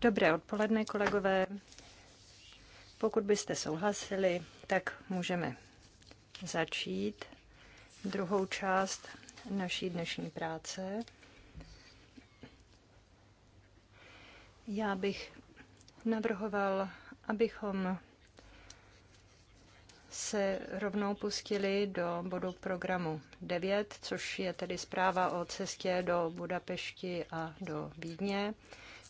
Dobré odpoledne, kolegové. Pokud byste souhlasili, tak můžeme začít druhou část naší dnešní práce. Já bych navrhoval, abychom se rovnou pustili do bodu programu 9, což je tedy zpráva o cestě do Budapešti a do Vídně.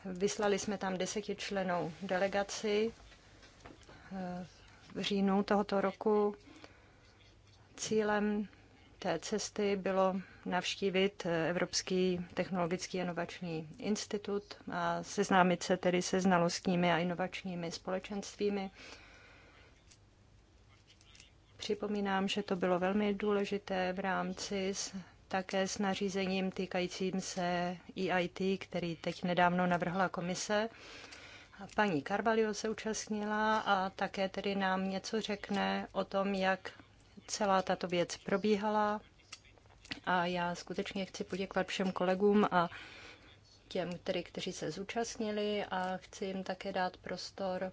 Vyslali jsme tam desetičlenou delegaci eh, v říjnu tohoto roku. Cílem té cesty bylo navštívit Evropský technologický inovační institut a seznámit se tedy se znalostními a inovačními společenstvími Připomínám, že to bylo velmi důležité v rámci s, také s nařízením týkajícím se EIT, který teď nedávno navrhla komise. Paní Carvalho se účastnila a také tedy nám něco řekne o tom, jak celá tato věc probíhala. A já skutečně chci poděkovat všem kolegům a těm, který, kteří se zúčastnili a chci jim také dát prostor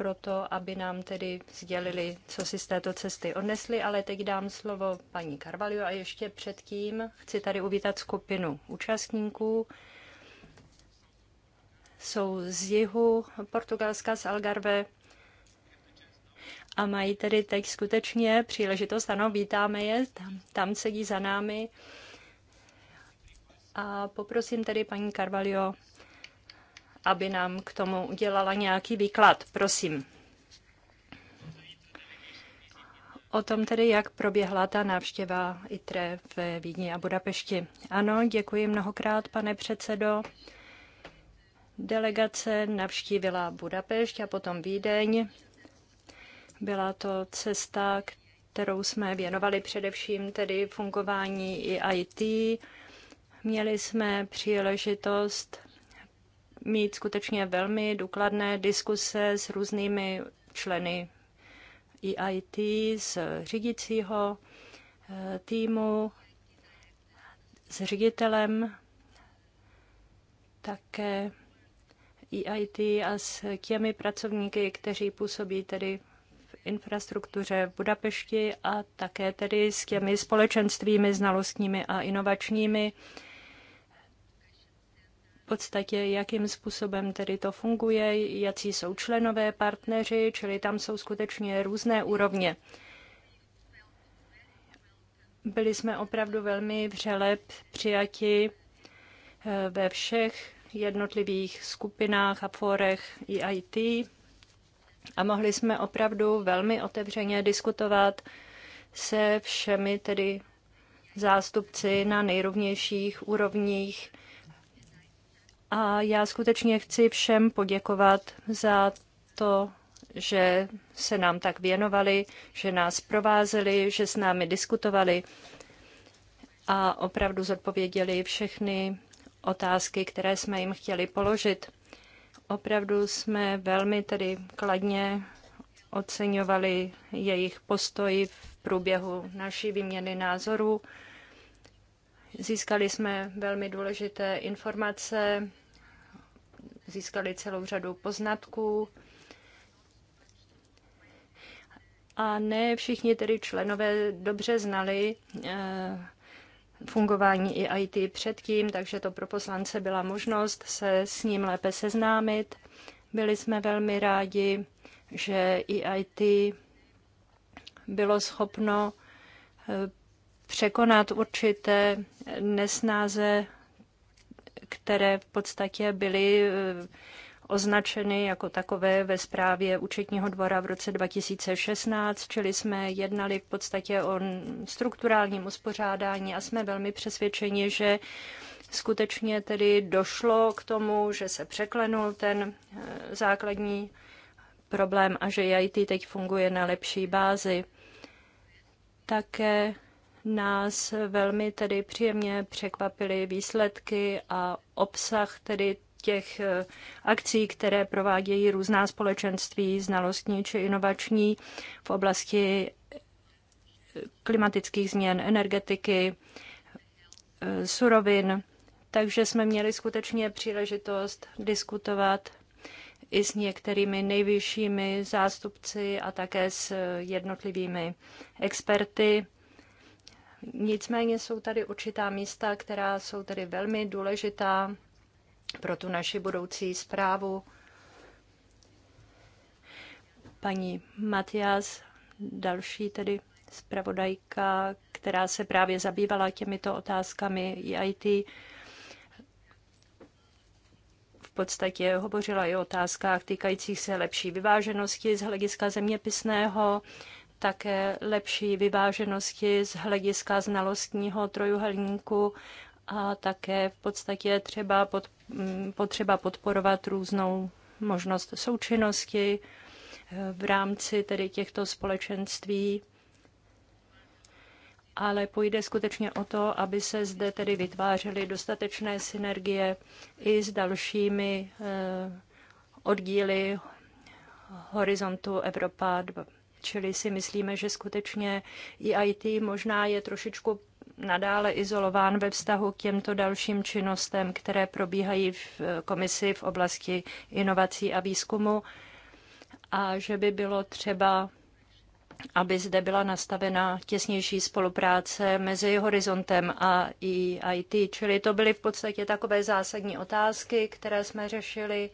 proto, aby nám tedy sdělili, co si z této cesty odnesli, ale teď dám slovo paní Karvalio a ještě předtím chci tady uvítat skupinu účastníků. Jsou z jihu Portugalska, z Algarve a mají tedy teď skutečně příležitost, ano, vítáme je, tam, tam sedí za námi. A poprosím tedy paní Carvalho, aby nám k tomu udělala nějaký výklad. Prosím. O tom tedy, jak proběhla ta návštěva ITRE v Vídni a Budapešti. Ano, děkuji mnohokrát, pane předsedo. Delegace navštívila Budapešť a potom Vídeň. Byla to cesta, kterou jsme věnovali především tedy fungování i IT. Měli jsme příležitost mít skutečně velmi důkladné diskuse s různými členy EIT, z řídícího eh, týmu, s ředitelem také EIT a s těmi pracovníky, kteří působí tedy v infrastruktuře v Budapešti a také tedy s těmi společenstvími znalostními a inovačními, podstatě, jakým způsobem tedy to funguje, jaký jsou členové partneři, čili tam jsou skutečně různé úrovně. Byli jsme opravdu velmi vřele přijati eh, ve všech jednotlivých skupinách a fórech e IT a mohli jsme opravdu velmi otevřeně diskutovat se všemi tedy zástupci na nejrovnějších úrovních a já skutečně chci všem poděkovat za to, že se nám tak věnovali, že nás provázeli, že s námi diskutovali a opravdu zodpověděli všechny otázky, které jsme jim chtěli položit. Opravdu jsme velmi tedy kladně oceňovali jejich postoj v průběhu naší výměny názorů. Získali jsme velmi důležité informace získali celou řadu poznatků. A ne všichni tedy členové dobře znali eh, fungování i IT předtím, takže to pro poslance byla možnost se s ním lépe seznámit. Byli jsme velmi rádi, že i IT bylo schopno eh, překonat určité nesnáze které v podstatě byly eh, označeny jako takové ve zprávě účetního dvora v roce 2016, čili jsme jednali v podstatě o strukturálním uspořádání a jsme velmi přesvědčeni, že skutečně tedy došlo k tomu, že se překlenul ten eh, základní problém a že IT teď funguje na lepší bázi. Také nás velmi tedy příjemně překvapily výsledky a obsah tedy těch eh, akcí, které provádějí různá společenství, znalostní či inovační v oblasti eh, klimatických změn, energetiky, eh, surovin. Takže jsme měli skutečně příležitost diskutovat i s některými nejvyššími zástupci a také s jednotlivými experty Nicméně jsou tady určitá místa, která jsou tedy velmi důležitá pro tu naši budoucí zprávu. Paní Matias, další tedy zpravodajka, která se právě zabývala těmito otázkami IT, v podstatě hovořila i o otázkách týkajících se lepší vyváženosti z hlediska zeměpisného také lepší vyváženosti z hlediska znalostního trojuhelníku a také v podstatě třeba pod, mm, potřeba podporovat různou možnost součinnosti eh, v rámci tedy těchto společenství ale půjde skutečně o to, aby se zde tedy vytvářely dostatečné synergie i s dalšími eh, oddíly horizontu Evropa Čili si myslíme, že skutečně i IT možná je trošičku nadále izolován ve vztahu k těmto dalším činnostem, které probíhají v eh, komisi v oblasti inovací a výzkumu a že by bylo třeba, aby zde byla nastavena těsnější spolupráce mezi horizontem a IT. Čili to byly v podstatě takové zásadní otázky, které jsme řešili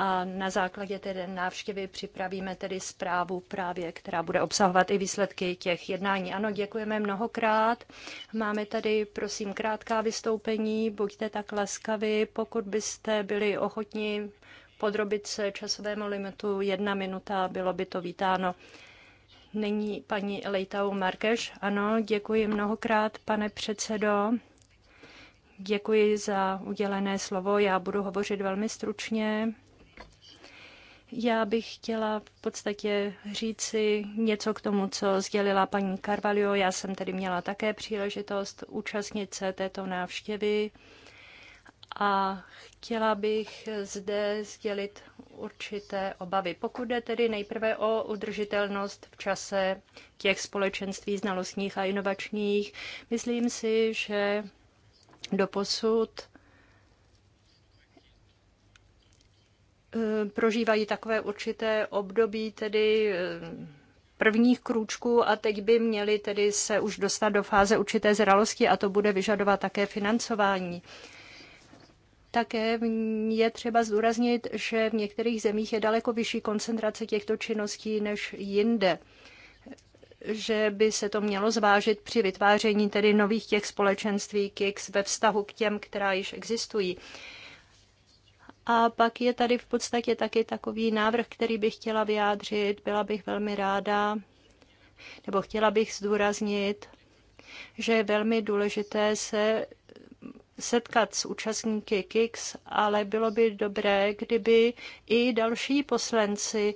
a na základě té návštěvy připravíme tedy zprávu právě, která bude obsahovat i výsledky těch jednání. Ano, děkujeme mnohokrát. Máme tady, prosím, krátká vystoupení. Buďte tak laskavi, pokud byste byli ochotni podrobit se časovému limitu jedna minuta, bylo by to vítáno. Není paní Lejtau Markeš. Ano, děkuji mnohokrát, pane předsedo. Děkuji za udělené slovo. Já budu hovořit velmi stručně. Já bych chtěla v podstatě říci něco k tomu, co sdělila paní Carvalho. Já jsem tedy měla také příležitost účastnit se této návštěvy a chtěla bych zde sdělit určité obavy. Pokud jde tedy nejprve o udržitelnost v čase těch společenství znalostních a inovačních, myslím si, že doposud E, prožívají takové určité období tedy e, prvních krůčků a teď by měli tedy se už dostat do fáze určité zralosti a to bude vyžadovat také financování. Také je třeba zdůraznit, že v některých zemích je daleko vyšší koncentrace těchto činností než jinde že by se to mělo zvážit při vytváření tedy nových těch společenství KIX ve vztahu k těm, která již existují. A pak je tady v podstatě taky takový návrh, který bych chtěla vyjádřit. Byla bych velmi ráda, nebo chtěla bych zdůraznit, že je velmi důležité se setkat s účastníky KIX, ale bylo by dobré, kdyby i další poslanci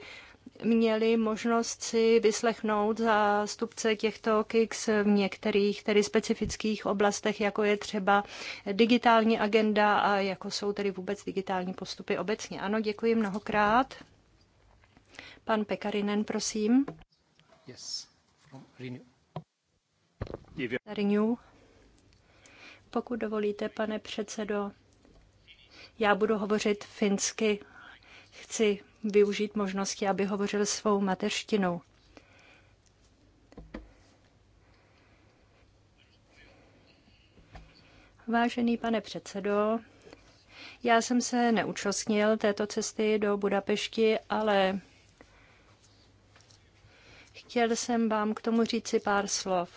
měli možnost si vyslechnout zástupce těchto KICS v některých tedy specifických oblastech, jako je třeba digitální agenda a jako jsou tedy vůbec digitální postupy obecně. Ano, děkuji mnohokrát. Pan Pekarinen, prosím. Yes, from Renew. Renew. Pokud dovolíte, pane předsedo, já budu hovořit finsky. Chci využít možnosti, aby hovořil svou mateřštinou. Vážený pane předsedo, já jsem se neúčastnil této cesty do Budapešti, ale chtěl jsem vám k tomu říci pár slov.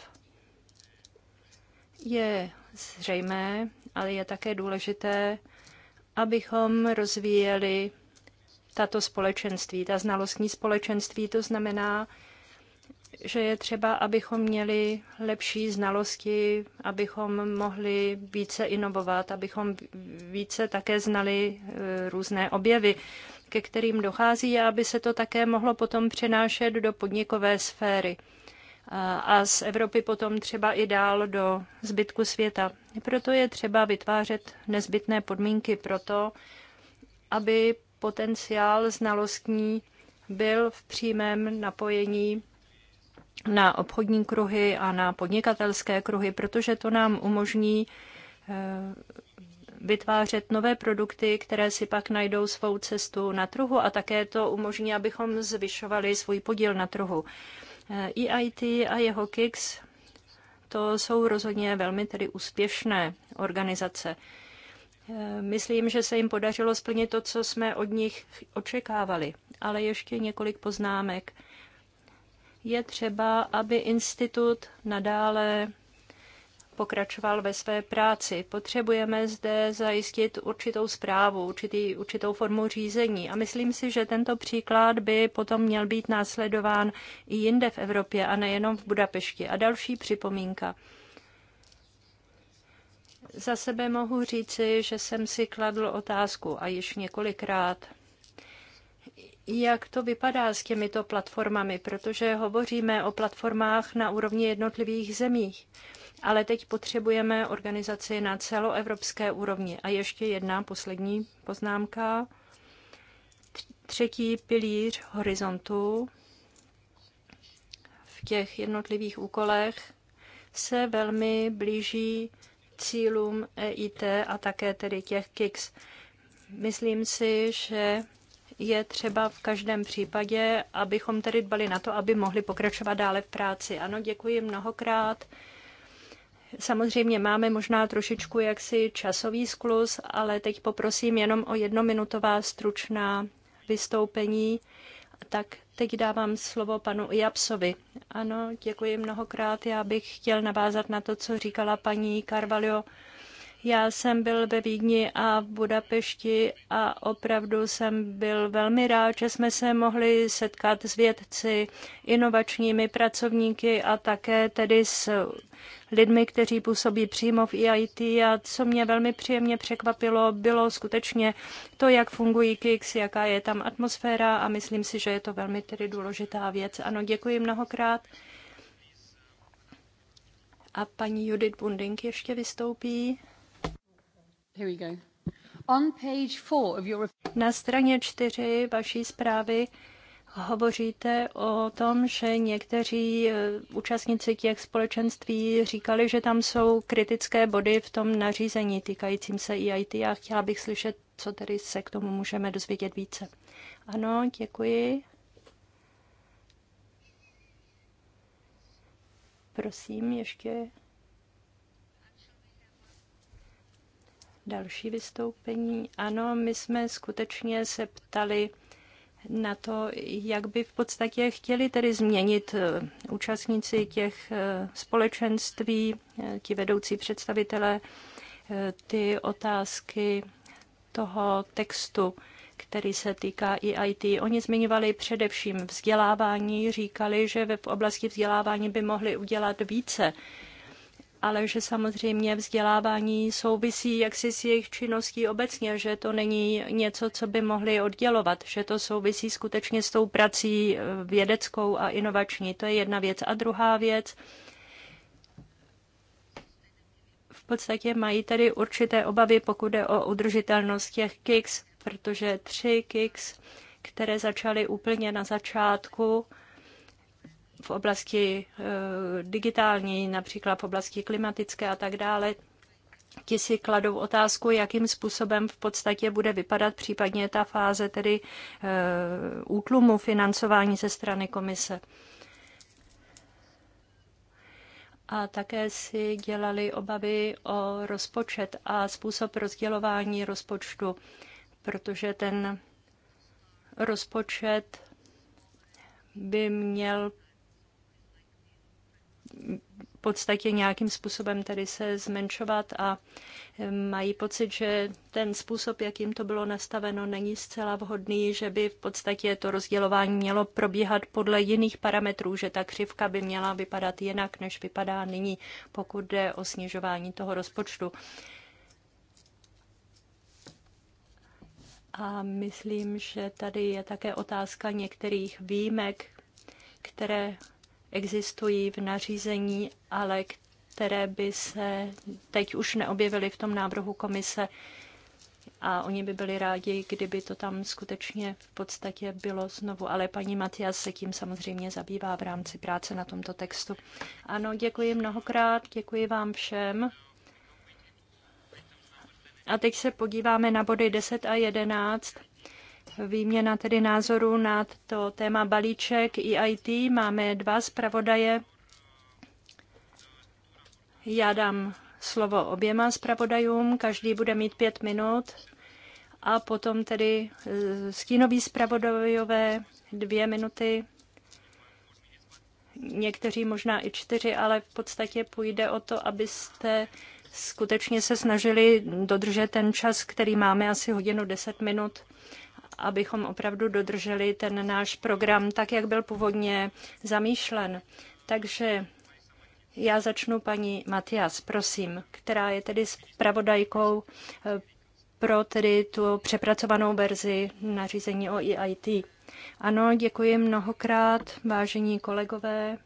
Je zřejmé, ale je také důležité, abychom rozvíjeli tato společenství, ta znalostní společenství, to znamená, že je třeba, abychom měli lepší znalosti, abychom mohli více inovovat, abychom více také znali e, různé objevy, ke kterým dochází a aby se to také mohlo potom přenášet do podnikové sféry a z Evropy potom třeba i dál do zbytku světa. Proto je třeba vytvářet nezbytné podmínky pro to, aby potenciál znalostní byl v přímém napojení na obchodní kruhy a na podnikatelské kruhy, protože to nám umožní eh, vytvářet nové produkty, které si pak najdou svou cestu na trhu a také to umožní, abychom zvyšovali svůj podíl na trhu. EIT eh, e a jeho KIX to jsou rozhodně velmi tedy úspěšné organizace. Eh, myslím, že se jim podařilo splnit to, co jsme od nich očekávali. Ale ještě několik poznámek. Je třeba, aby institut nadále pokračoval ve své práci. Potřebujeme zde zajistit určitou zprávu, určitý, určitou formu řízení. A myslím si, že tento příklad by potom měl být následován i jinde v Evropě a nejenom v Budapešti. A další připomínka. Za sebe mohu říci, že jsem si kladl otázku a již několikrát, jak to vypadá s těmito platformami, protože hovoříme o platformách na úrovni jednotlivých zemích, ale teď potřebujeme organizaci na celoevropské úrovni. A ještě jedna poslední poznámka. Třetí pilíř horizontu v těch jednotlivých úkolech se velmi blíží cílům EIT a také tedy těch KICS. Myslím si, že je třeba v každém případě, abychom tedy dbali na to, aby mohli pokračovat dále v práci. Ano, děkuji mnohokrát. Samozřejmě máme možná trošičku jaksi časový sklus, ale teď poprosím jenom o jednominutová stručná vystoupení tak teď dávám slovo panu Japsovi. Ano, děkuji mnohokrát. Já bych chtěl navázat na to, co říkala paní Carvalho já jsem byl ve Vídni a v Budapešti a opravdu jsem byl velmi rád, že jsme se mohli setkat s vědci, inovačními pracovníky a také tedy s lidmi, kteří působí přímo v EIT a co mě velmi příjemně překvapilo, bylo skutečně to, jak fungují KIX, jaká je tam atmosféra a myslím si, že je to velmi tedy důležitá věc. Ano, děkuji mnohokrát. A paní Judith Bunding ještě vystoupí. Na straně čtyři vaší zprávy hovoříte o tom, že někteří eh, účastníci těch společenství říkali, že tam jsou kritické body v tom nařízení týkajícím se EIT a chtěla bych slyšet, co tedy se k tomu můžeme dozvědět více. Ano, děkuji. Prosím, ještě Další vystoupení. Ano, my jsme skutečně se ptali na to, jak by v podstatě chtěli tedy změnit eh, účastníci těch eh, společenství, eh, ti vedoucí představitelé, ty otázky toho textu, který se týká e i IT. Oni zmiňovali především vzdělávání, říkali, že v oblasti vzdělávání by mohli udělat více ale že samozřejmě vzdělávání souvisí jaksi s jejich činností obecně, že to není něco, co by mohli oddělovat, že to souvisí skutečně s tou prací eh, vědeckou a inovační. To je jedna věc. A druhá věc, v podstatě mají tedy určité obavy, pokud jde o udržitelnost těch kicks, protože tři kicks, které začaly úplně na začátku, v oblasti eh, digitální, například v oblasti klimatické a tak dále, ti si kladou otázku, jakým způsobem v podstatě bude vypadat případně ta fáze tedy eh, útlumu financování ze strany komise. A také si dělali obavy o rozpočet a způsob rozdělování rozpočtu, protože ten rozpočet by měl podstatě nějakým způsobem tedy se zmenšovat a mají pocit, že ten způsob, jak jim to bylo nastaveno, není zcela vhodný, že by v podstatě to rozdělování mělo probíhat podle jiných parametrů, že ta křivka by měla vypadat jinak, než vypadá nyní, pokud jde o snižování toho rozpočtu. A myslím, že tady je také otázka některých výjimek, které existují v nařízení, ale které by se teď už neobjevily v tom návrhu komise. A oni by byli rádi, kdyby to tam skutečně v podstatě bylo znovu. Ale paní Matias se tím samozřejmě zabývá v rámci práce na tomto textu. Ano, děkuji mnohokrát, děkuji vám všem. A teď se podíváme na body 10 a 11 výměna tedy názorů na to téma balíček EIT. Máme dva zpravodaje. Já dám slovo oběma zpravodajům, každý bude mít pět minut a potom tedy eh, stínoví zpravodajové dvě minuty, někteří možná i čtyři, ale v podstatě půjde o to, abyste skutečně se snažili dodržet ten čas, který máme asi hodinu deset minut abychom opravdu dodrželi ten náš program tak, jak byl původně zamýšlen. Takže já začnu paní Matias, prosím, která je tedy zpravodajkou eh, pro tedy tu přepracovanou verzi nařízení o EIT. Ano, děkuji mnohokrát, vážení kolegové.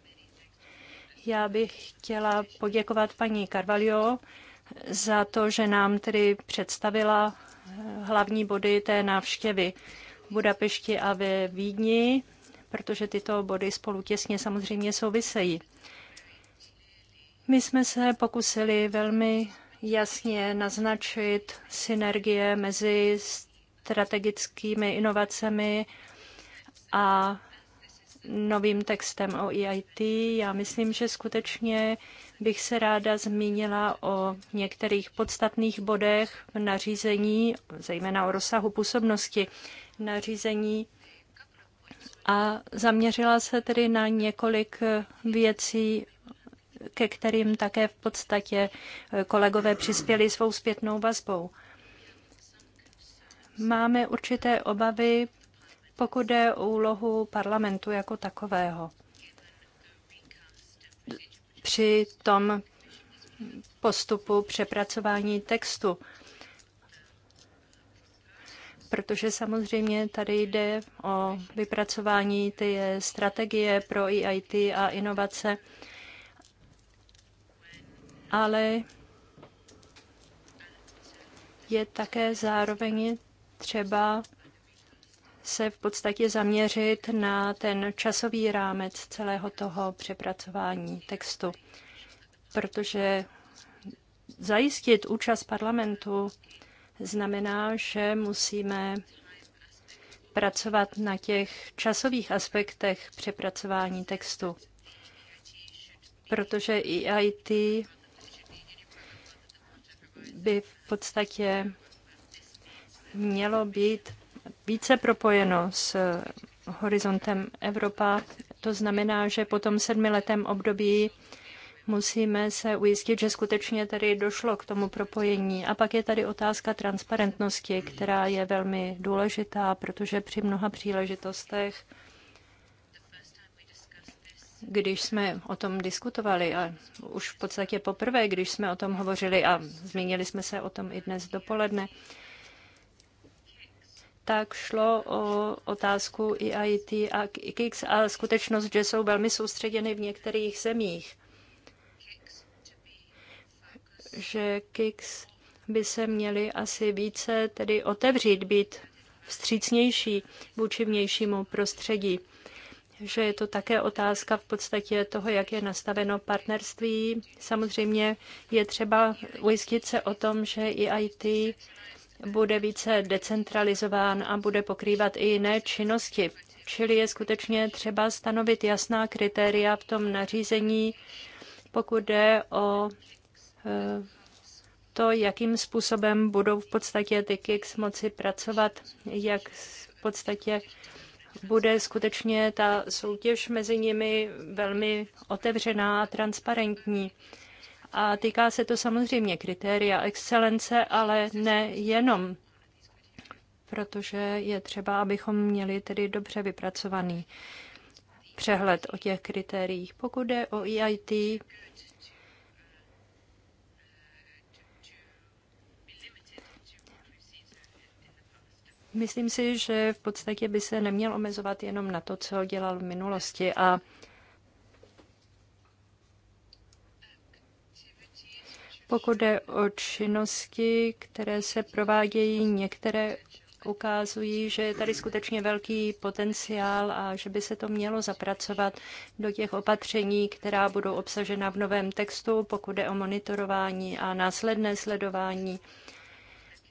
Já bych chtěla poděkovat paní Carvalho za to, že nám tedy představila hlavní body té návštěvy v Budapešti a ve Vídni, protože tyto body spolu těsně samozřejmě souvisejí. My jsme se pokusili velmi jasně naznačit synergie mezi strategickými inovacemi a novým textem o EIT. Já myslím, že skutečně bych se ráda zmínila o některých podstatných bodech v nařízení, zejména o rozsahu působnosti nařízení a zaměřila se tedy na několik věcí, ke kterým také v podstatě kolegové přispěli svou zpětnou vazbou. Máme určité obavy, pokud jde o úlohu parlamentu jako takového při tom postupu přepracování textu. Protože samozřejmě tady jde o vypracování té strategie pro EIT a inovace, ale je také zároveň třeba se v podstatě zaměřit na ten časový rámec celého toho přepracování textu, protože zajistit účast parlamentu znamená, že musíme pracovat na těch časových aspektech přepracování textu, protože i IT by v podstatě mělo být více propojeno s eh, horizontem Evropa. To znamená, že po tom sedmiletém období musíme se ujistit, že skutečně tady došlo k tomu propojení. A pak je tady otázka transparentnosti, která je velmi důležitá, protože při mnoha příležitostech, když jsme o tom diskutovali a už v podstatě poprvé, když jsme o tom hovořili a zmínili jsme se o tom i dnes dopoledne, tak šlo o otázku EIT a KIX a skutečnost, že jsou velmi soustředěny v některých zemích. Že KIX by se měly asi více tedy otevřít, být vstřícnější vůči vnějšímu prostředí. Že je to také otázka v podstatě toho, jak je nastaveno partnerství. Samozřejmě je třeba ujistit se o tom, že e i IT bude více decentralizován a bude pokrývat i jiné činnosti. Čili je skutečně třeba stanovit jasná kritéria v tom nařízení, pokud jde o eh, to, jakým způsobem budou v podstatě ty KIX moci pracovat, jak v podstatě bude skutečně ta soutěž mezi nimi velmi otevřená a transparentní. A týká se to samozřejmě kritéria excelence, ale ne jenom, protože je třeba, abychom měli tedy dobře vypracovaný přehled o těch kritériích. Pokud jde o EIT, Myslím si, že v podstatě by se neměl omezovat jenom na to, co dělal v minulosti a Pokud jde o činnosti, které se provádějí, některé ukazují, že je tady skutečně velký potenciál a že by se to mělo zapracovat do těch opatření, která budou obsažena v novém textu, pokud jde o monitorování a následné sledování.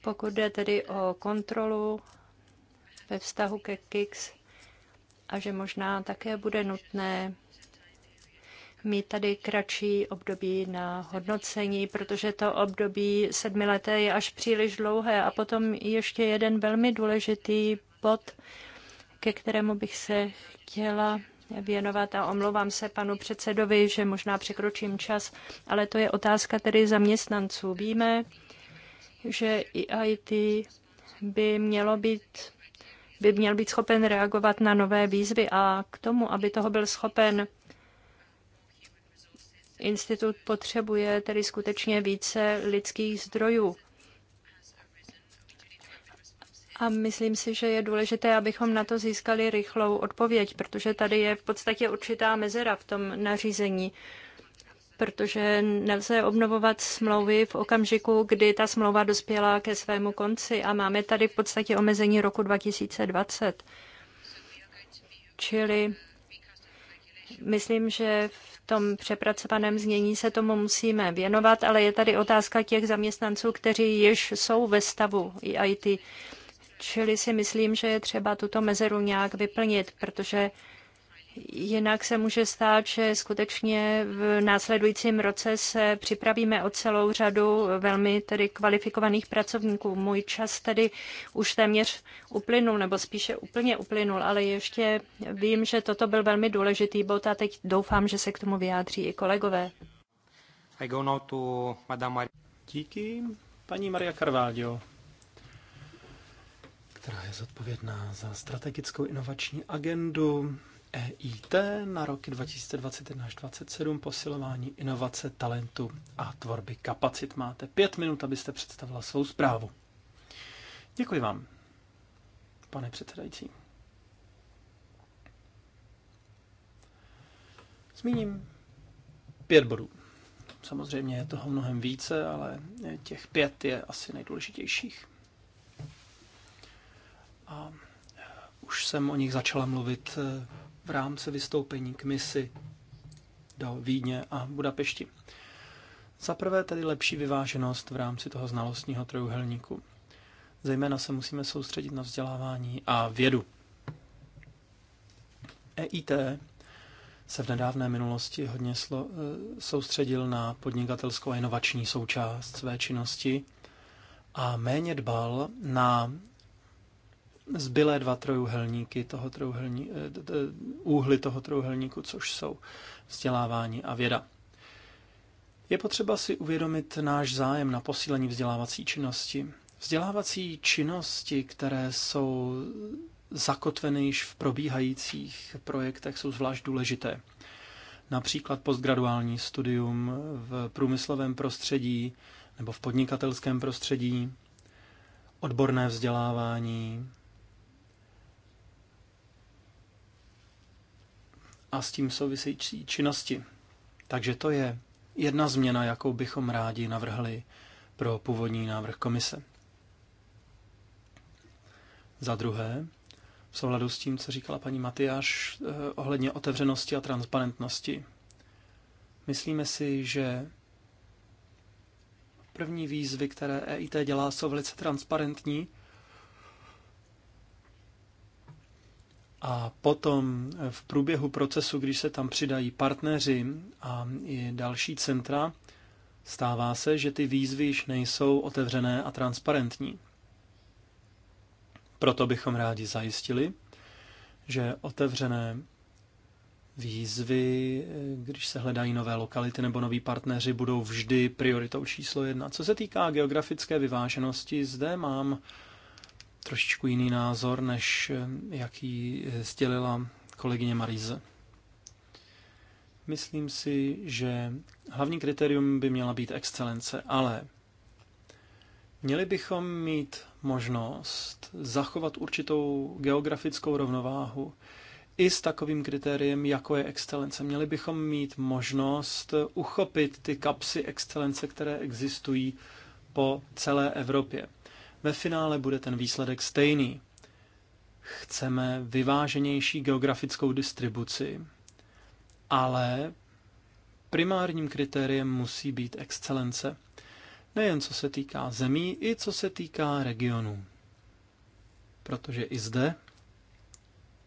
Pokud jde tedy o kontrolu ve vztahu ke KIX a že možná také bude nutné mít tady kratší období na hodnocení, protože to období sedmileté je až příliš dlouhé. A potom ještě jeden velmi důležitý bod, ke kterému bych se chtěla věnovat a omlouvám se panu předsedovi, že možná překročím čas, ale to je otázka tedy zaměstnanců. Víme, že i IT by mělo být by měl být schopen reagovat na nové výzvy a k tomu, aby toho byl schopen, institut potřebuje tedy skutečně více lidských zdrojů. A myslím si, že je důležité, abychom na to získali rychlou odpověď, protože tady je v podstatě určitá mezera v tom nařízení, protože nelze obnovovat smlouvy v okamžiku, kdy ta smlouva dospěla ke svému konci a máme tady v podstatě omezení roku 2020. Čili myslím, že tom přepracovaném znění se tomu musíme věnovat, ale je tady otázka těch zaměstnanců, kteří již jsou ve stavu IT. Čili si myslím, že je třeba tuto mezeru nějak vyplnit, protože Jinak se může stát, že skutečně v následujícím roce se připravíme o celou řadu velmi tedy kvalifikovaných pracovníků. Můj čas tedy už téměř uplynul, nebo spíše úplně uplynul, ale ještě vím, že toto byl velmi důležitý bod a teď doufám, že se k tomu vyjádří i kolegové. I go now to Madame Díky, paní Maria Carvalho která je zodpovědná za strategickou inovační agendu EIT na roky 2021 až 2027 posilování inovace, talentu a tvorby kapacit. Máte pět minut, abyste představila svou zprávu. Děkuji vám, pane předsedající. Zmíním pět bodů. Samozřejmě je toho mnohem více, ale těch pět je asi nejdůležitějších. A už jsem o nich začala mluvit eh, v rámci vystoupení k misi do Vídně a Budapešti. Za prvé tedy lepší vyváženost v rámci toho znalostního trojuhelníku. Zejména se musíme soustředit na vzdělávání a vědu. EIT se v nedávné minulosti hodně slo, e, soustředil na podnikatelskou a inovační součást své činnosti a méně dbal na zbylé dva trojuhelníky toho trojuhelní, eh, úhly toho trojuhelníku, což jsou vzdělávání a věda. Je potřeba si uvědomit náš zájem na posílení vzdělávací činnosti. Vzdělávací činnosti, které jsou zakotveny již v probíhajících projektech, jsou zvlášť důležité. Například postgraduální studium v průmyslovém prostředí nebo v podnikatelském prostředí, odborné vzdělávání, a s tím související činnosti. Takže to je jedna změna, jakou bychom rádi navrhli pro původní návrh komise. Za druhé, v souladu s tím, co říkala paní Matyáš eh, ohledně otevřenosti a transparentnosti. Myslíme si, že první výzvy, které EIT dělá, jsou velice transparentní A potom v průběhu procesu, když se tam přidají partneři a i další centra, stává se, že ty výzvy již nejsou otevřené a transparentní. Proto bychom rádi zajistili, že otevřené výzvy, když se hledají nové lokality nebo noví partneři, budou vždy prioritou číslo jedna. Co se týká geografické vyváženosti, zde mám trošičku jiný názor, než eh, jaký eh, sdělila kolegyně Marize. Myslím si, že hlavní kritérium by měla být excelence, ale měli bychom mít možnost zachovat určitou geografickou rovnováhu i s takovým kritériem, jako je excelence. Měli bychom mít možnost uchopit ty kapsy excelence, které existují po celé Evropě ve finále bude ten výsledek stejný. Chceme vyváženější geografickou distribuci, ale primárním kritériem musí být excelence. Nejen co se týká zemí, i co se týká regionů. Protože i zde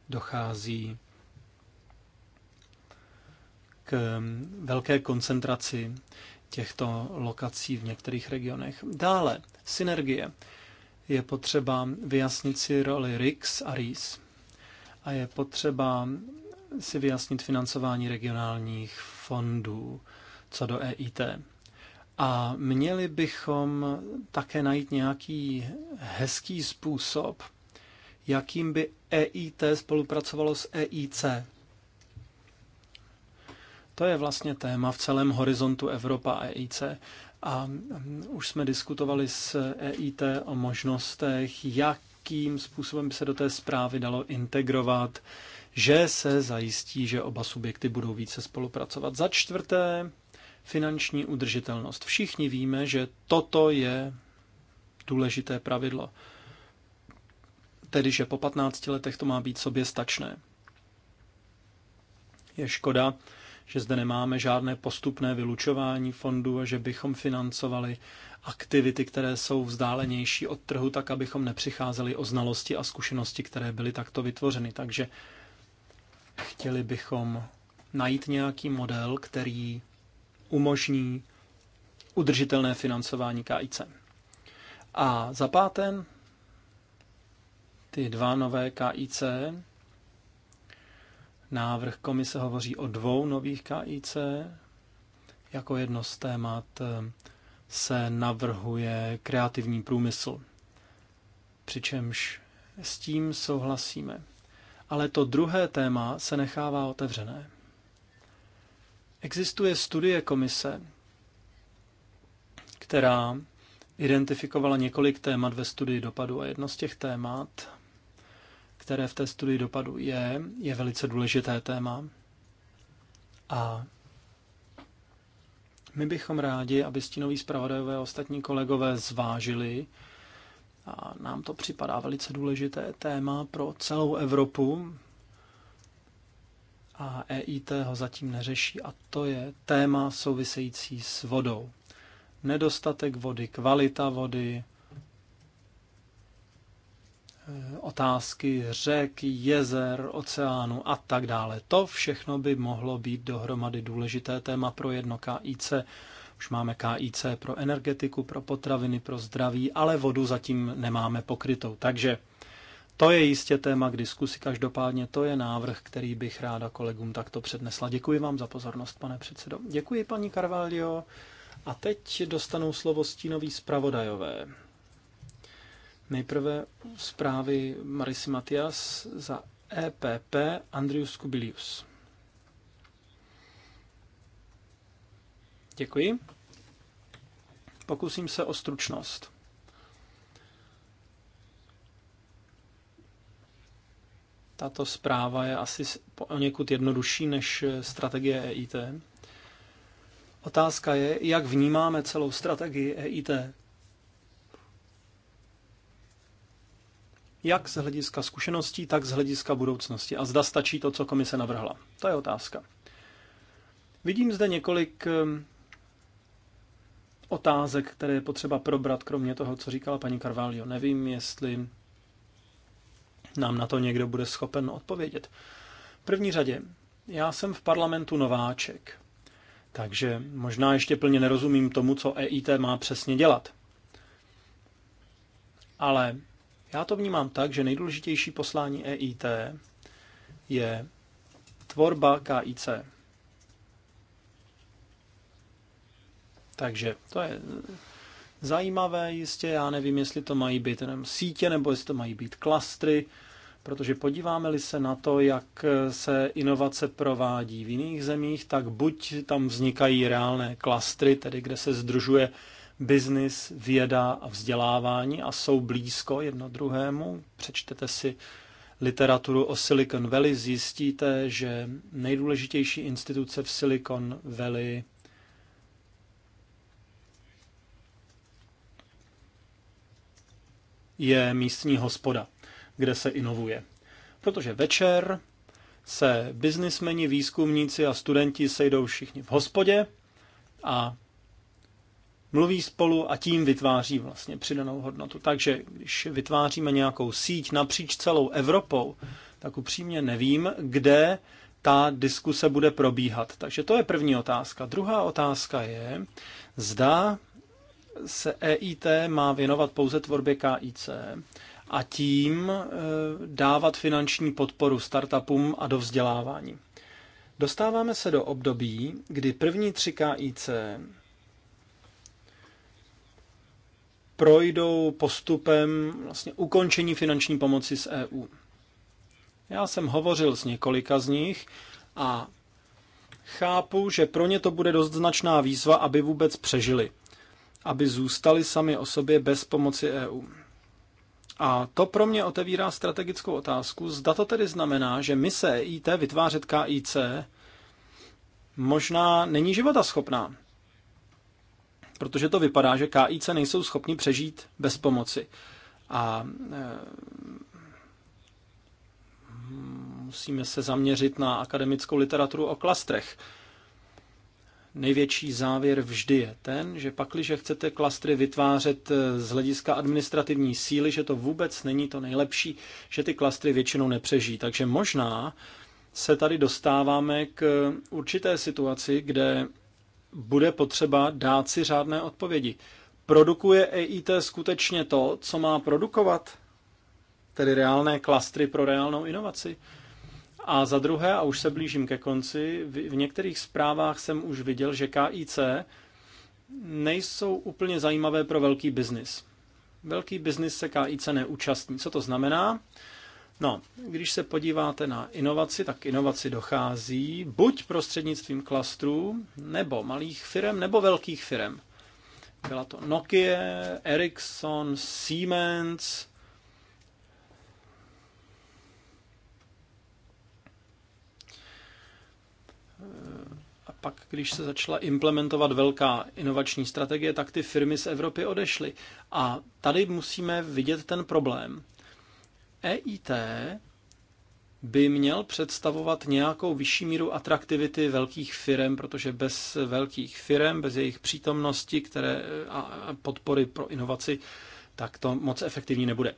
dochází k velké koncentraci těchto lokací v některých regionech. Dále synergie je potřeba vyjasnit si roli RIX a RIS a je potřeba si vyjasnit financování regionálních fondů co do EIT. A měli bychom také najít nějaký hezký způsob, jakým by EIT spolupracovalo s EIC. To je vlastně téma v celém horizontu Evropa a EIC. A mm, už jsme diskutovali s EIT o možnostech, jakým způsobem by se do té zprávy dalo integrovat, že se zajistí, že oba subjekty budou více spolupracovat. Za čtvrté, finanční udržitelnost. Všichni víme, že toto je důležité pravidlo. Tedy, že po 15 letech to má být soběstačné. Je škoda, že zde nemáme žádné postupné vylučování fondů a že bychom financovali aktivity, které jsou vzdálenější od trhu, tak abychom nepřicházeli o znalosti a zkušenosti, které byly takto vytvořeny. Takže chtěli bychom najít nějaký model, který umožní udržitelné financování KIC. A za páté, ty dva nové KIC Návrh komise hovoří o dvou nových KIC. Jako jedno z témat eh, se navrhuje kreativní průmysl. Přičemž s tím souhlasíme. Ale to druhé téma se nechává otevřené. Existuje studie komise, která identifikovala několik témat ve studii dopadu a jedno z těch témat které v té studii dopadu je, je velice důležité téma. A my bychom rádi, aby stínoví zpravodajové a ostatní kolegové zvážili, a nám to připadá velice důležité téma pro celou Evropu, a EIT ho zatím neřeší, a to je téma související s vodou. Nedostatek vody, kvalita vody, otázky řek, jezer, oceánu a tak dále. To všechno by mohlo být dohromady důležité téma pro jedno KIC. Už máme KIC pro energetiku, pro potraviny, pro zdraví, ale vodu zatím nemáme pokrytou. Takže to je jistě téma k diskusi. Každopádně to je návrh, který bych ráda kolegům takto přednesla. Děkuji vám za pozornost, pane předsedo. Děkuji, paní Carvalho. A teď dostanou slovo stínoví zpravodajové. Nejprve zprávy Marisy Matias za EPP Andrius Kubilius. Děkuji. Pokusím se o stručnost. Tato zpráva je asi o někud jednodušší než strategie EIT. Otázka je, jak vnímáme celou strategii EIT. jak z hlediska zkušeností, tak z hlediska budoucnosti. A zda stačí to, co komise navrhla? To je otázka. Vidím zde několik otázek, které je potřeba probrat, kromě toho, co říkala paní Carvalho. Nevím, jestli nám na to někdo bude schopen odpovědět. V první řadě, já jsem v parlamentu nováček, takže možná ještě plně nerozumím tomu, co EIT má přesně dělat. Ale já to vnímám tak, že nejdůležitější poslání EIT je tvorba KIC. Takže to je zajímavé jistě, já nevím, jestli to mají být jenom sítě, nebo jestli to mají být klastry, protože podíváme-li se na to, jak se inovace provádí v jiných zemích, tak buď tam vznikají reálné klastry, tedy kde se združuje biznis, věda a vzdělávání a jsou blízko jedno druhému. Přečtete si literaturu o Silicon Valley, zjistíte, že nejdůležitější instituce v Silicon Valley je místní hospoda, kde se inovuje. Protože večer se biznismeni, výzkumníci a studenti sejdou všichni v hospodě a mluví spolu a tím vytváří vlastně přidanou hodnotu. Takže když vytváříme nějakou síť napříč celou Evropou, tak upřímně nevím, kde ta diskuse bude probíhat. Takže to je první otázka. Druhá otázka je, zda se EIT má věnovat pouze tvorbě KIC a tím e, dávat finanční podporu startupům a do vzdělávání. Dostáváme se do období, kdy první tři KIC projdou postupem vlastně ukončení finanční pomoci z EU. Já jsem hovořil s několika z nich a chápu, že pro ně to bude dost značná výzva, aby vůbec přežili, aby zůstali sami o sobě bez pomoci EU. A to pro mě otevírá strategickou otázku, zda to tedy znamená, že mise IT vytvářet KIC možná není životaschopná. schopná protože to vypadá, že KIC nejsou schopni přežít bez pomoci. A eh, musíme se zaměřit na akademickou literaturu o klastrech. Největší závěr vždy je ten, že pakliže chcete klastry vytvářet eh, z hlediska administrativní síly, že to vůbec není to nejlepší, že ty klastry většinou nepřežijí. Takže možná se tady dostáváme k určité situaci, kde bude potřeba dát si řádné odpovědi. Produkuje EIT skutečně to, co má produkovat? Tedy reálné klastry pro reálnou inovaci? A za druhé, a už se blížím ke konci, v některých zprávách jsem už viděl, že KIC nejsou úplně zajímavé pro velký biznis. Velký biznis se KIC neúčastní. Co to znamená? No, když se podíváte na inovaci, tak inovaci dochází buď prostřednictvím klastrů, nebo malých firm, nebo velkých firm. Byla to Nokia, Ericsson, Siemens. A pak, když se začala implementovat velká inovační strategie, tak ty firmy z Evropy odešly. A tady musíme vidět ten problém EIT by měl představovat nějakou vyšší míru atraktivity velkých firm, protože bez velkých firm, bez jejich přítomnosti které, a podpory pro inovaci, tak to moc efektivní nebude.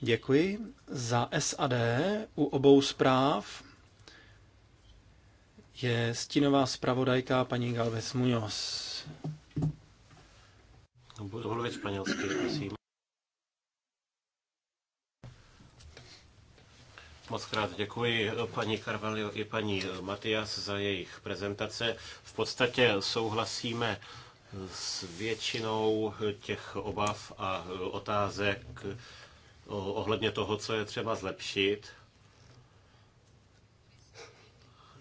Děkuji za SAD u obou zpráv. Je stínová zpravodajka paní Galvez Muñoz. Budu mluvit španělsky, prosím. Moc krát děkuji eh, paní Carvalho i paní eh, Matias za jejich prezentace. V podstatě souhlasíme eh, s většinou těch obav a otázek ohledně toho, co je třeba zlepšit.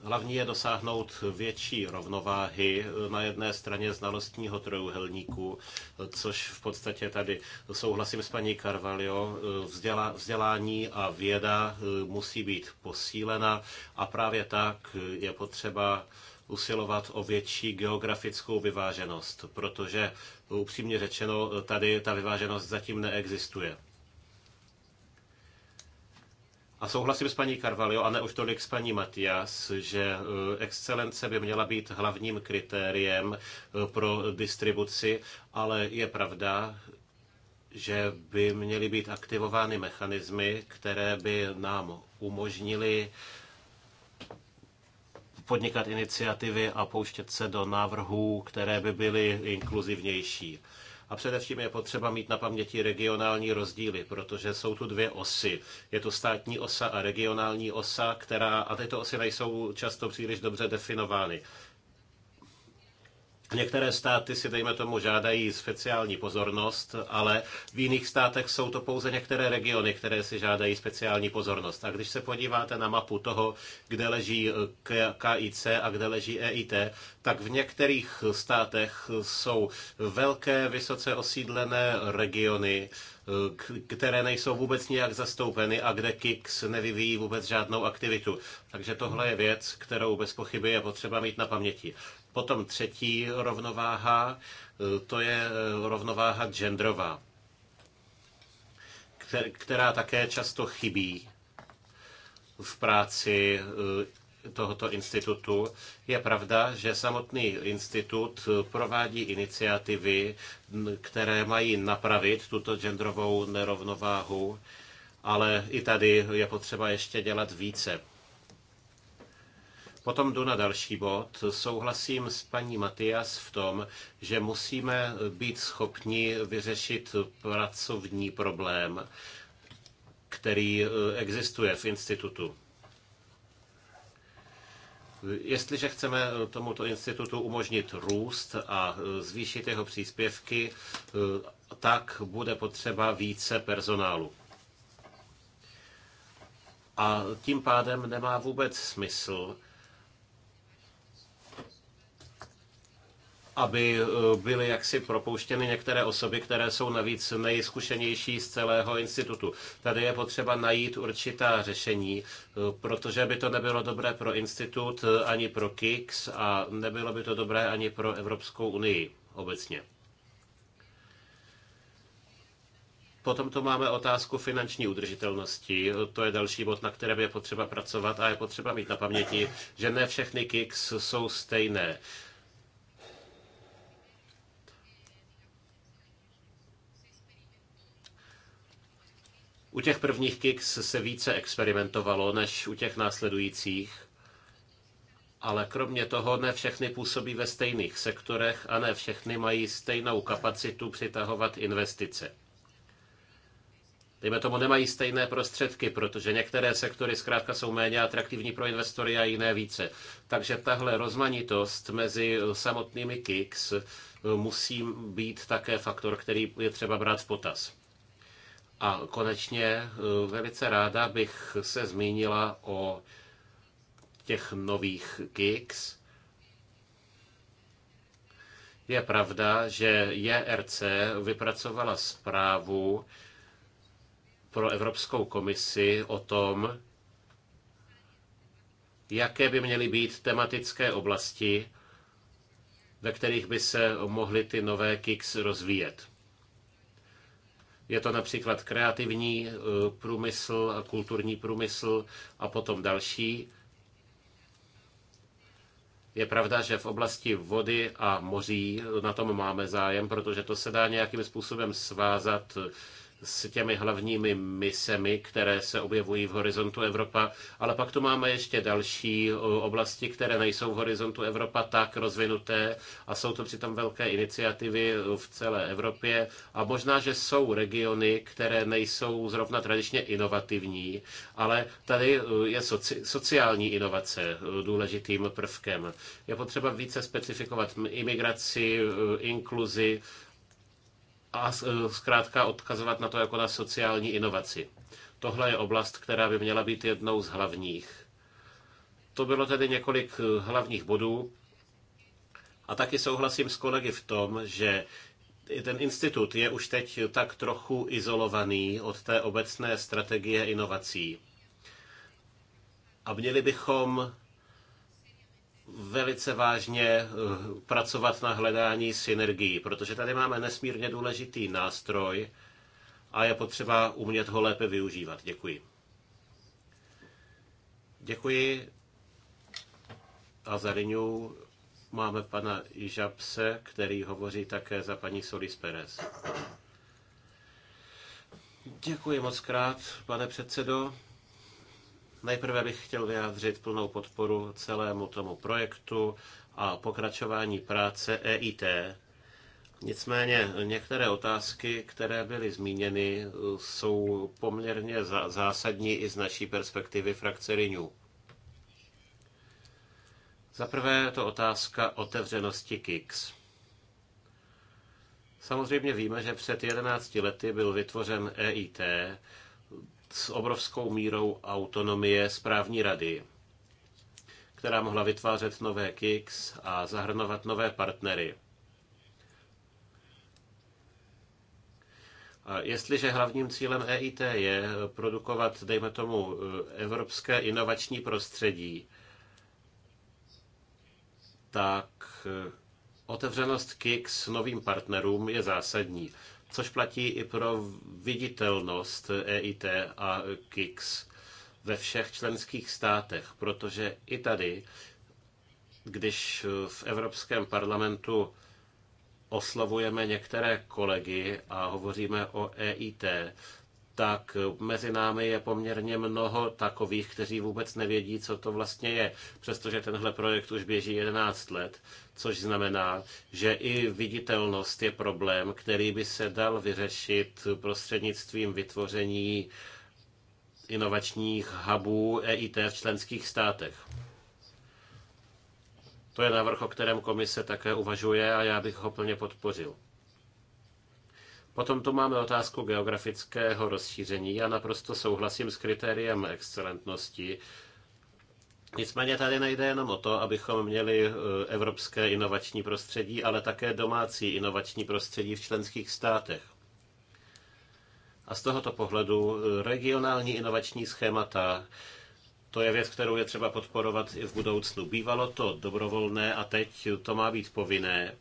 Hlavní je dosáhnout větší rovnováhy na jedné straně znalostního trojuhelníku, což v podstatě tady souhlasím s paní Carvalho. Vzděla, vzdělání a věda e, musí být posílena a právě tak je potřeba usilovat o větší geografickou vyváženost, protože upřímně řečeno tady ta vyváženost zatím neexistuje. A souhlasím s paní Carvalho a ne už tolik s paní Matias, že e, excelence by měla být hlavním kritériem e, pro distribuci, ale je pravda, že by měly být aktivovány mechanismy, které by nám umožnily podnikat iniciativy a pouštět se do návrhů, které by byly inkluzivnější. A především je potřeba mít na paměti regionální rozdíly, protože jsou tu dvě osy. Je tu státní osa a regionální osa, která, a tyto osy nejsou často příliš dobře definovány. Některé státy si, dejme tomu, žádají speciální pozornost, ale v jiných státech jsou to pouze některé regiony, které si žádají speciální pozornost. A když se podíváte na mapu toho, kde leží eh, KIC a kde leží EIT, tak v některých státech jsou velké, vysoce osídlené regiony, eh, které nejsou vůbec nijak zastoupeny a kde KIX nevyvíjí vůbec žádnou aktivitu. Takže tohle je věc, kterou bez pochyby je potřeba mít na paměti. Potom třetí rovnováha, e, to je e, rovnováha genderová, která také často chybí v práci e, tohoto institutu. Je pravda, že samotný institut provádí iniciativy, které mají napravit tuto genderovou nerovnováhu, ale i tady je potřeba ještě dělat více. Potom jdu na další bod. Souhlasím s paní Matias v tom, že musíme být schopni vyřešit pracovní problém, který e, existuje v institutu. Jestliže chceme e, tomuto institutu umožnit růst a e, zvýšit jeho příspěvky, tak bude potřeba více personálu. A tím pádem nemá vůbec smysl, aby eh, byly jaksi propouštěny některé osoby, které jsou navíc nejzkušenější z celého institutu. Tady je potřeba najít určitá řešení, eh, protože by to nebylo dobré pro institut eh, ani pro KIX a nebylo by to dobré ani pro Evropskou unii obecně. Potom tu máme otázku finanční udržitelnosti. To je další bod, na kterém je potřeba pracovat a je potřeba mít na paměti, že ne všechny KICS jsou stejné. U těch prvních Kicks se více experimentovalo než u těch následujících, ale kromě toho ne všechny působí ve stejných sektorech a ne všechny mají stejnou kapacitu přitahovat investice. Dejme tomu, nemají stejné prostředky, protože některé sektory zkrátka jsou méně atraktivní pro investory a jiné více. Takže tahle rozmanitost mezi samotnými KICS musí být také faktor, který je třeba brát v potaz. A konečně eh, velice ráda bych se zmínila o těch nových gigs. Je pravda, že JRC e vypracovala zprávu pro Evropskou komisi o tom, jaké by měly být tematické oblasti, ve kterých by se mohly ty nové kicks rozvíjet. Je to například kreativní eh, průmysl, kulturní průmysl a potom další. Je pravda, že v oblasti vody a moří na tom máme zájem, protože to se dá nějakým způsobem svázat s těmi hlavními misemi, které se objevují v horizontu Evropa, ale pak tu máme ještě další oblasti, které nejsou v horizontu Evropa tak rozvinuté a jsou to přitom velké iniciativy e, v celé Evropě a možná, že jsou regiony, které nejsou zrovna tradičně inovativní, ale tady e, je soci- sociální inovace e, důležitým prvkem. Je potřeba více specifikovat imigraci, inkluzi, a eh, zkrátka odkazovat na to jako na sociální inovaci. Tohle je oblast, která by měla být jednou z hlavních. To bylo tedy několik eh, hlavních bodů. A taky souhlasím s kolegy v tom, že ten institut je už teď tak trochu izolovaný od té obecné strategie inovací. A měli bychom velice vážně eh, pracovat na hledání synergií, protože tady máme nesmírně důležitý nástroj a je potřeba umět ho lépe využívat. Děkuji. Děkuji. A za Riňu máme pana Žabse, který hovoří také za paní Solis Perez. Děkuji moc krát, pane předsedo. Nejprve bych chtěl vyjádřit plnou podporu celému tomu projektu a pokračování práce EIT. Nicméně některé otázky, které byly zmíněny, jsou poměrně zásadní i z naší perspektivy frakce Renew. Za prvé je to otázka otevřenosti KIX. Samozřejmě víme, že před 11 lety byl vytvořen EIT s obrovskou mírou autonomie správní rady, která mohla vytvářet nové kicks a zahrnovat nové partnery. Jestliže hlavním cílem EIT je produkovat, dejme tomu, evropské inovační prostředí, tak otevřenost KIX novým partnerům je zásadní což platí i pro viditelnost EIT a KIX ve všech členských státech, protože i tady, když v Evropském parlamentu oslovujeme některé kolegy a hovoříme o EIT, tak mezi námi je poměrně mnoho takových, kteří vůbec nevědí, co to vlastně je, přestože tenhle projekt už běží 11 let, což znamená, že i viditelnost je problém, který by se dal vyřešit prostřednictvím vytvoření inovačních hubů EIT v členských státech. To je návrh, o kterém komise také uvažuje a já bych ho plně podpořil. Potom tu máme otázku geografického rozšíření. Já naprosto souhlasím s kritériem excelentnosti. Nicméně tady nejde jenom o to, abychom měli e, evropské inovační prostředí, ale také domácí inovační prostředí v členských státech. A z tohoto pohledu e, regionální inovační schémata, to je věc, kterou je třeba podporovat i v budoucnu. Bývalo to dobrovolné a teď to má být povinné.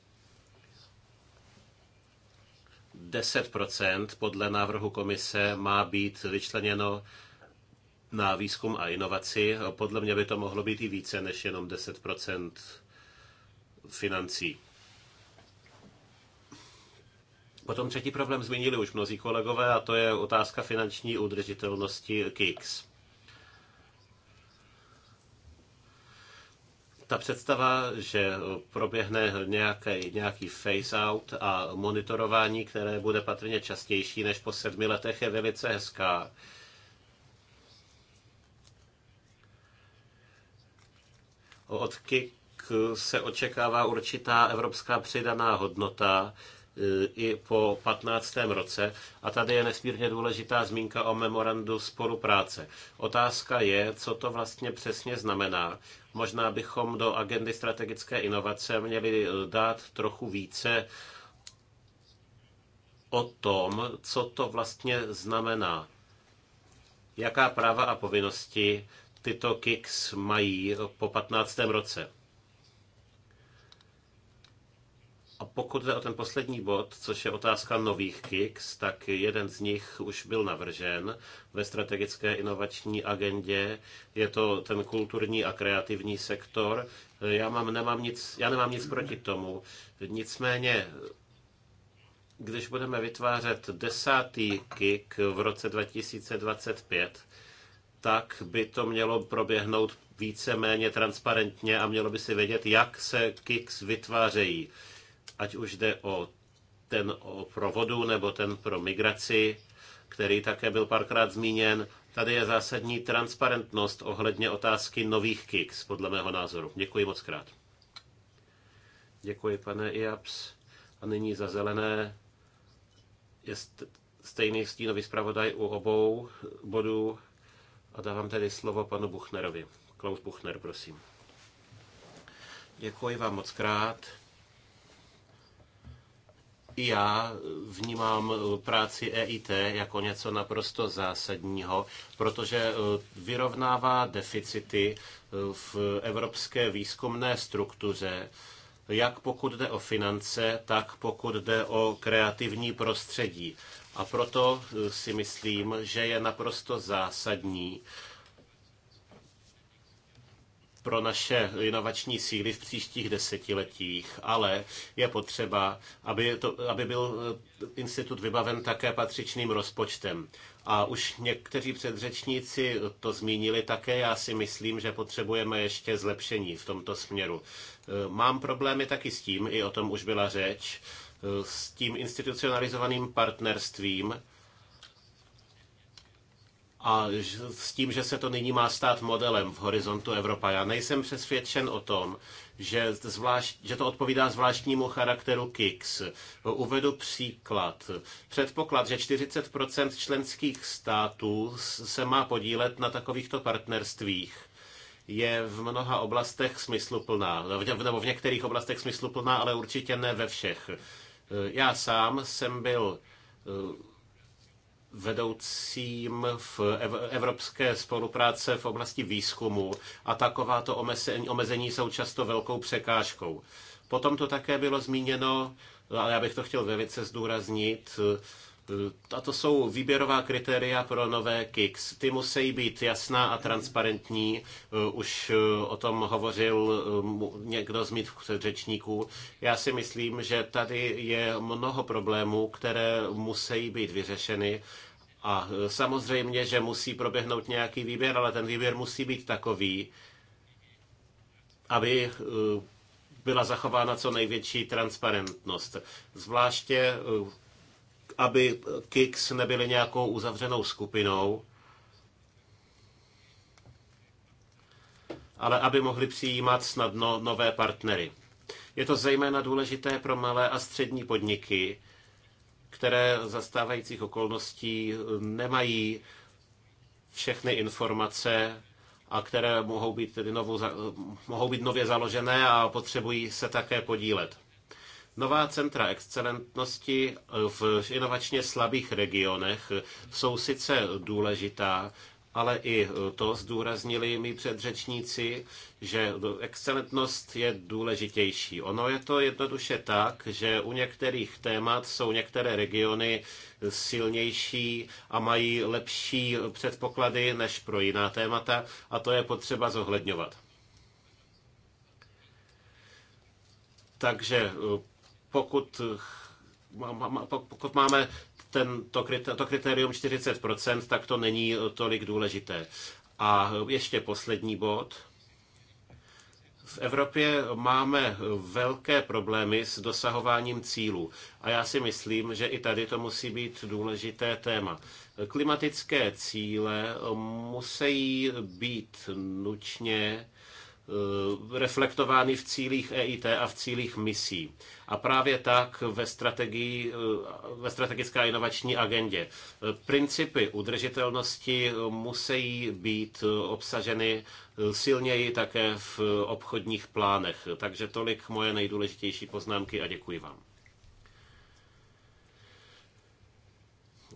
10% podle návrhu komise má být vyčleněno na výzkum a inovaci. Podle mě by to mohlo být i více než jenom 10% financí. Potom třetí problém zmínili už mnozí kolegové a to je otázka finanční udržitelnosti KICS. Ta představa, že proběhne nějaký, nějaký face out a monitorování, které bude patrně častější než po sedmi letech, je velice hezká. Od KIK se očekává určitá evropská přidaná hodnota, eh, i po 15. roce. A tady je nesmírně důležitá zmínka o memorandu spolupráce. Otázka je, co to vlastně přesně znamená, Možná bychom do agendy strategické inovace měli dát trochu více o tom, co to vlastně znamená. Jaká práva a povinnosti tyto KICS mají po 15. roce. A pokud jde o ten poslední bod, což je otázka nových kix, tak jeden z nich už byl navržen ve strategické inovační agendě. Je to ten kulturní a kreativní sektor. Já, mám, nemám, nic, já nemám nic proti tomu. Nicméně když budeme vytvářet desátý KIK v roce 2025, tak by to mělo proběhnout více-méně transparentně a mělo by si vědět, jak se kix vytvářejí ať už jde o ten o provodu nebo ten pro migraci, který také byl párkrát zmíněn. Tady je zásadní transparentnost ohledně otázky nových kicks, podle mého názoru. Děkuji moc krát. Děkuji, pane Iaps. A nyní za zelené je stejný stínový zpravodaj u obou bodů. A dávám tedy slovo panu Buchnerovi. Klaus Buchner, prosím. Děkuji vám moc krát. I já vnímám eh, práci EIT jako něco naprosto zásadního, protože eh, vyrovnává deficity eh, v evropské výzkumné struktuře, jak pokud jde o finance, tak pokud jde o kreativní prostředí. A proto si myslím, že je naprosto zásadní, pro naše inovační síly v příštích desetiletích, ale je potřeba, aby, to, aby byl eh, institut vybaven také patřičným rozpočtem. A už někteří předřečníci to zmínili také, já si myslím, že potřebujeme ještě zlepšení v tomto směru. Eh, mám problémy taky s tím, i o tom už byla řeč, eh, s tím institucionalizovaným partnerstvím, a s tím, že se to nyní má stát modelem v horizontu Evropa. Já nejsem přesvědčen o tom, že, zvlášť, že to odpovídá zvláštnímu charakteru KIX. Uvedu příklad. Předpoklad, že 40 členských států se má podílet na takovýchto partnerstvích, je v mnoha oblastech smysluplná, nebo v některých oblastech smysluplná, ale určitě ne ve všech. Já sám jsem byl vedoucím v evropské spolupráce v oblasti výzkumu a takováto omezení jsou často velkou překážkou. Potom to také bylo zmíněno, ale já bych to chtěl velice zdůraznit, a to jsou výběrová kritéria pro nové Kicks. Ty musí být jasná a transparentní. Eh, už eh, o tom hovořil eh, někdo z mých předřečníků. Já si myslím, že tady je mnoho problémů, které musí být vyřešeny. A samozřejmě, že musí proběhnout nějaký výběr, ale ten výběr musí být takový, aby byla zachována co největší transparentnost. Zvláště aby KIX nebyly nějakou uzavřenou skupinou, ale aby mohli přijímat snadno nové partnery. Je to zejména důležité pro malé a střední podniky, které za stávajících okolností nemají všechny informace a které mohou být, tedy novou, mohou být nově založené a potřebují se také podílet. Nová centra excelentnosti v inovačně slabých regionech jsou sice důležitá, ale i to zdůraznili mi předřečníci, že excelentnost je důležitější. Ono je to jednoduše tak, že u některých témat jsou některé regiony silnější a mají lepší předpoklady než pro jiná témata a to je potřeba zohledňovat. Takže pokud, eh, pokud máme ten, to, kritérium 40%, tak to není eh, tolik důležité. A eh, ještě poslední bod. V Evropě máme velké problémy s dosahováním cílů. A já si myslím, že i tady to musí být důležité téma. Klimatické cíle musí být nutně Eh, reflektovány v cílích EIT a v cílích misí. A právě tak ve, strategii, eh, ve strategické inovační agendě. Eh, principy udržitelnosti musí být obsaženy silněji také v obchodních plánech. Takže tolik moje nejdůležitější poznámky a děkuji vám.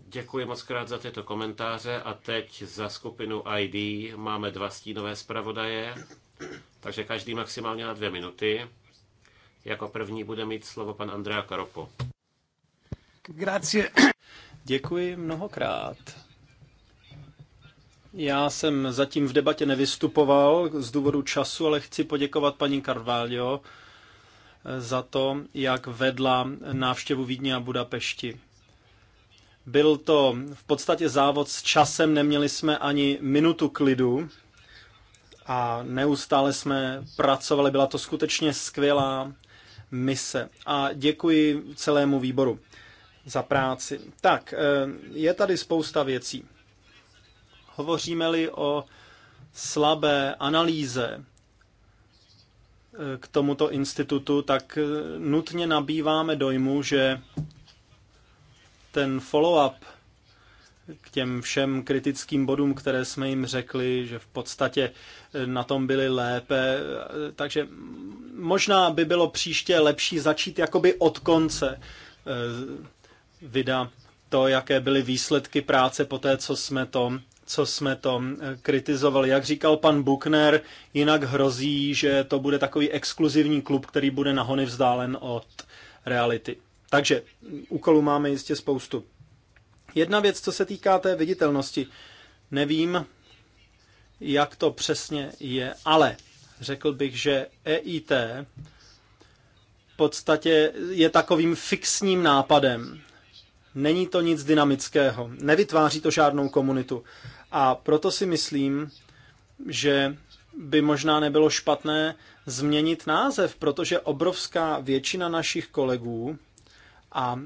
Děkuji moc krát za tyto komentáře a teď za skupinu ID máme dva stínové zpravodaje. Takže každý maximálně na dvě minuty. Jako první bude mít slovo pan Andrea Karopo. Grazie. Děkuji mnohokrát. Já jsem zatím v debatě nevystupoval z důvodu času, ale chci poděkovat paní Carvalho eh, za to, jak vedla návštěvu Vídně a Budapešti. Byl to v podstatě závod s časem, neměli jsme ani minutu klidu a neustále jsme pracovali. Byla to skutečně skvělá mise a děkuji celému výboru za práci. Tak, eh, je tady spousta věcí. Hovoříme-li o slabé analýze eh, k tomuto institutu, tak eh, nutně nabýváme dojmu, že ten follow-up k těm všem kritickým bodům, které jsme jim řekli, že v podstatě e, na tom byli lépe. E, takže možná by bylo příště lepší začít jakoby od konce e, vida to, jaké byly výsledky práce po té, co jsme to co jsme to kritizovali. Jak říkal pan Buchner, jinak hrozí, že to bude takový exkluzivní klub, který bude nahony vzdálen od reality. Takže úkolů máme jistě spoustu. Jedna věc, co se týká té viditelnosti. Nevím, jak to přesně je, ale řekl bych, že EIT v podstatě je takovým fixním nápadem. Není to nic dynamického, nevytváří to žádnou komunitu. A proto si myslím, že by možná nebylo špatné změnit název, protože obrovská většina našich kolegů a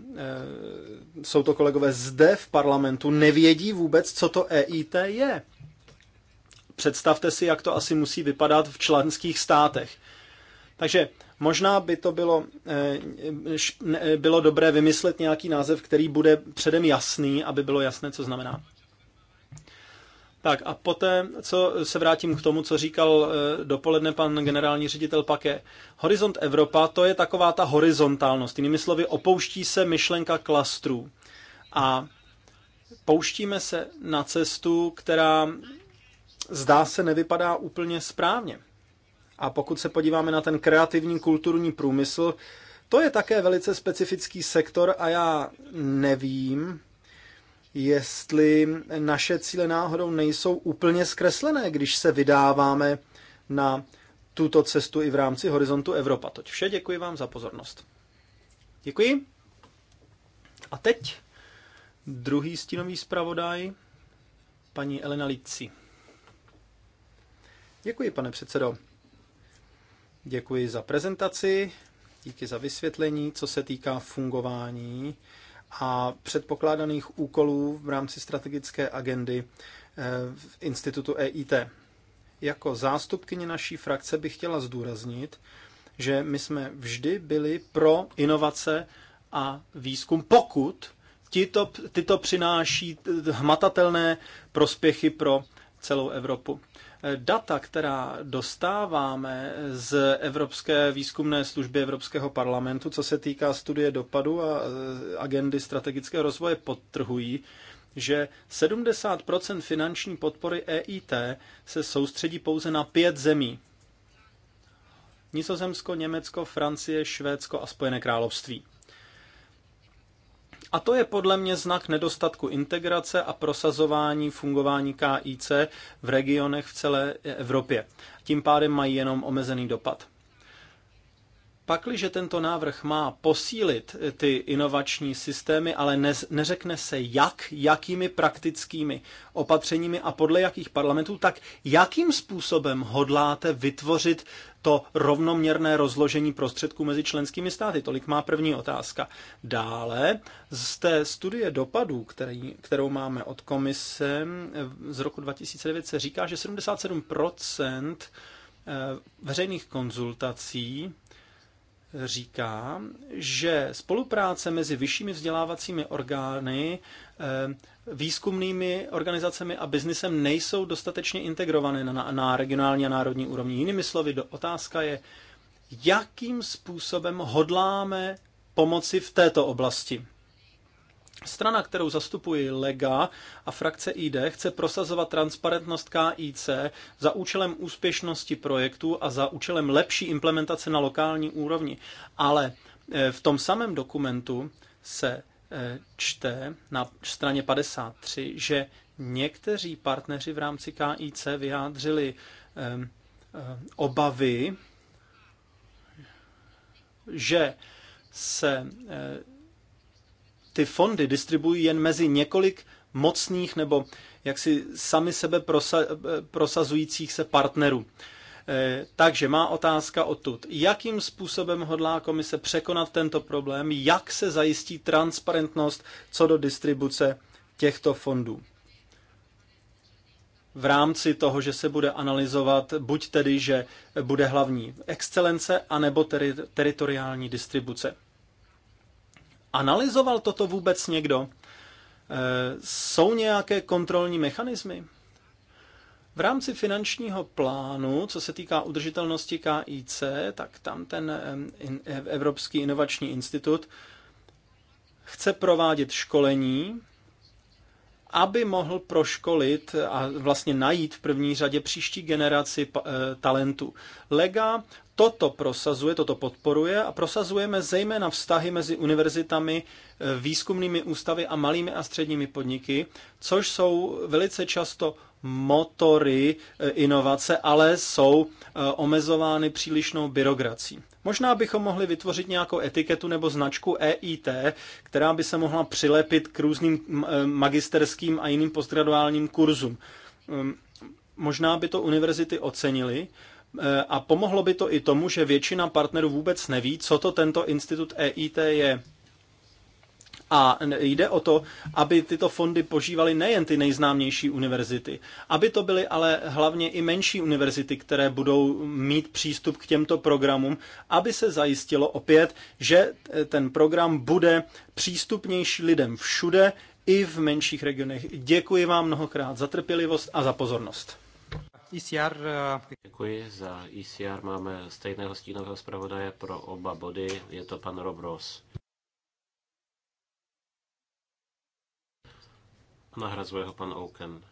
e, jsou to kolegové zde v parlamentu, nevědí vůbec, co to EIT je. Představte si, jak to asi musí vypadat v členských státech. Takže možná by to bylo, e, bylo dobré vymyslet nějaký název, který bude předem jasný, aby bylo jasné, co znamená. Tak a poté, co se vrátím k tomu, co říkal eh, dopoledne pan generální ředitel Pake. Horizont Evropa, to je taková ta horizontálnost. Jinými slovy, opouští se myšlenka klastrů. A pouštíme se na cestu, která zdá se nevypadá úplně správně. A pokud se podíváme na ten kreativní kulturní průmysl, to je také velice specifický sektor a já nevím, jestli naše cíle náhodou nejsou úplně zkreslené, když se vydáváme na tuto cestu i v rámci Horizontu Evropa. Toť vše, děkuji vám za pozornost. Děkuji. A teď druhý stínový zpravodaj, paní Elena Lici. Děkuji, pane předsedo. Děkuji za prezentaci, díky za vysvětlení, co se týká fungování a předpokládaných úkolů v rámci strategické agendy eh, v institutu EIT. Jako zástupkyně naší frakce bych chtěla zdůraznit, že my jsme vždy byli pro inovace a výzkum, pokud tyto, tyto přináší hmatatelné prospěchy pro celou Evropu. Data, která dostáváme z Evropské výzkumné služby Evropského parlamentu, co se týká studie dopadu a e, agendy strategického rozvoje, podtrhují, že 70 finanční podpory EIT se soustředí pouze na pět zemí. Nizozemsko, Německo, Francie, Švédsko a Spojené království. A to je podle mě znak nedostatku integrace a prosazování fungování KIC v regionech v celé Evropě. Tím pádem mají jenom omezený dopad. Pakliže tento návrh má posílit ty inovační systémy, ale ne, neřekne se jak, jakými praktickými opatřeními a podle jakých parlamentů, tak jakým způsobem hodláte vytvořit to rovnoměrné rozložení prostředků mezi členskými státy? Tolik má první otázka. Dále z té studie dopadů, který, kterou máme od komise eh, z roku 2009, se říká, že 77 eh, veřejných konzultací říká, že spolupráce mezi vyššími vzdělávacími orgány, eh, výzkumnými organizacemi a biznisem nejsou dostatečně integrované na, na regionální a národní úrovni. Jinými slovy, do otázka je, jakým způsobem hodláme pomoci v této oblasti. Strana, kterou zastupuji Lega a frakce ID, chce prosazovat transparentnost KIC za účelem úspěšnosti projektu a za účelem lepší implementace na lokální úrovni. Ale eh, v tom samém dokumentu se eh, čte na straně 53, že někteří partneři v rámci KIC vyjádřili ehm, eh, obavy, že se ty fondy distribuují jen mezi několik mocných nebo jaksi sami sebe prosa, prosazujících se partnerů. Eh, takže má otázka odtud. Jakým způsobem hodlá komise překonat tento problém? Jak se zajistí transparentnost co do distribuce těchto fondů? v rámci toho, že se bude analyzovat buď tedy, že bude hlavní excelence, anebo teri- teritoriální distribuce. Analyzoval toto vůbec někdo? Eh, jsou nějaké kontrolní mechanismy? V rámci finančního plánu, co se týká udržitelnosti KIC, tak tam ten eh, Evropský inovační institut chce provádět školení aby mohl proškolit a vlastně najít v první řadě příští generaci eh, talentů. Lega toto prosazuje, toto podporuje a prosazujeme zejména vztahy mezi univerzitami, eh, výzkumnými ústavy a malými a středními podniky, což jsou velice často motory e, inovace, ale jsou e, omezovány přílišnou byrokrací. Možná bychom mohli vytvořit nějakou etiketu nebo značku EIT, která by se mohla přilepit k různým e, magisterským a jiným postgraduálním kurzům. Ehm, možná by to univerzity ocenily a pomohlo by to i tomu, že většina partnerů vůbec neví, co to tento institut EIT je. A jde o to, aby tyto fondy požívaly nejen ty nejznámější univerzity, aby to byly ale hlavně i menší univerzity, které budou mít přístup k těmto programům, aby se zajistilo opět, že e, ten program bude přístupnější lidem všude, i v menších regionech. Děkuji vám mnohokrát za trpělivost a za pozornost. ECR. E, Děkuji za ECR. Máme stejného stínového zpravodaje pro oba body. Je to pan Rob Ross. Nahrazuje ho pan Oken.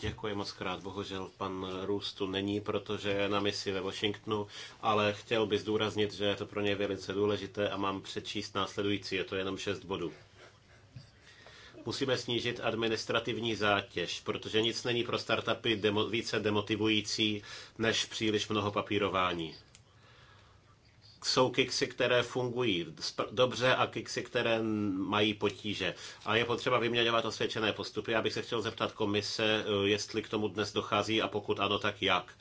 Děkuji moc krát. Bohužel pan Růstu není, protože je na misi ve Washingtonu, ale chtěl bych zdůraznit, že je to pro ně velice důležité a mám přečíst následující, je to jenom šest bodů. Musíme snížit administrativní zátěž, protože nic není pro startupy demo, více demotivující než příliš mnoho papírování jsou kiksy, které fungují dobře a kiksy, které mají potíže. A je potřeba vyměňovat osvědčené postupy. Já bych se chtěl zeptat komise, eh, jestli k tomu dnes dochází a pokud ano, tak jak.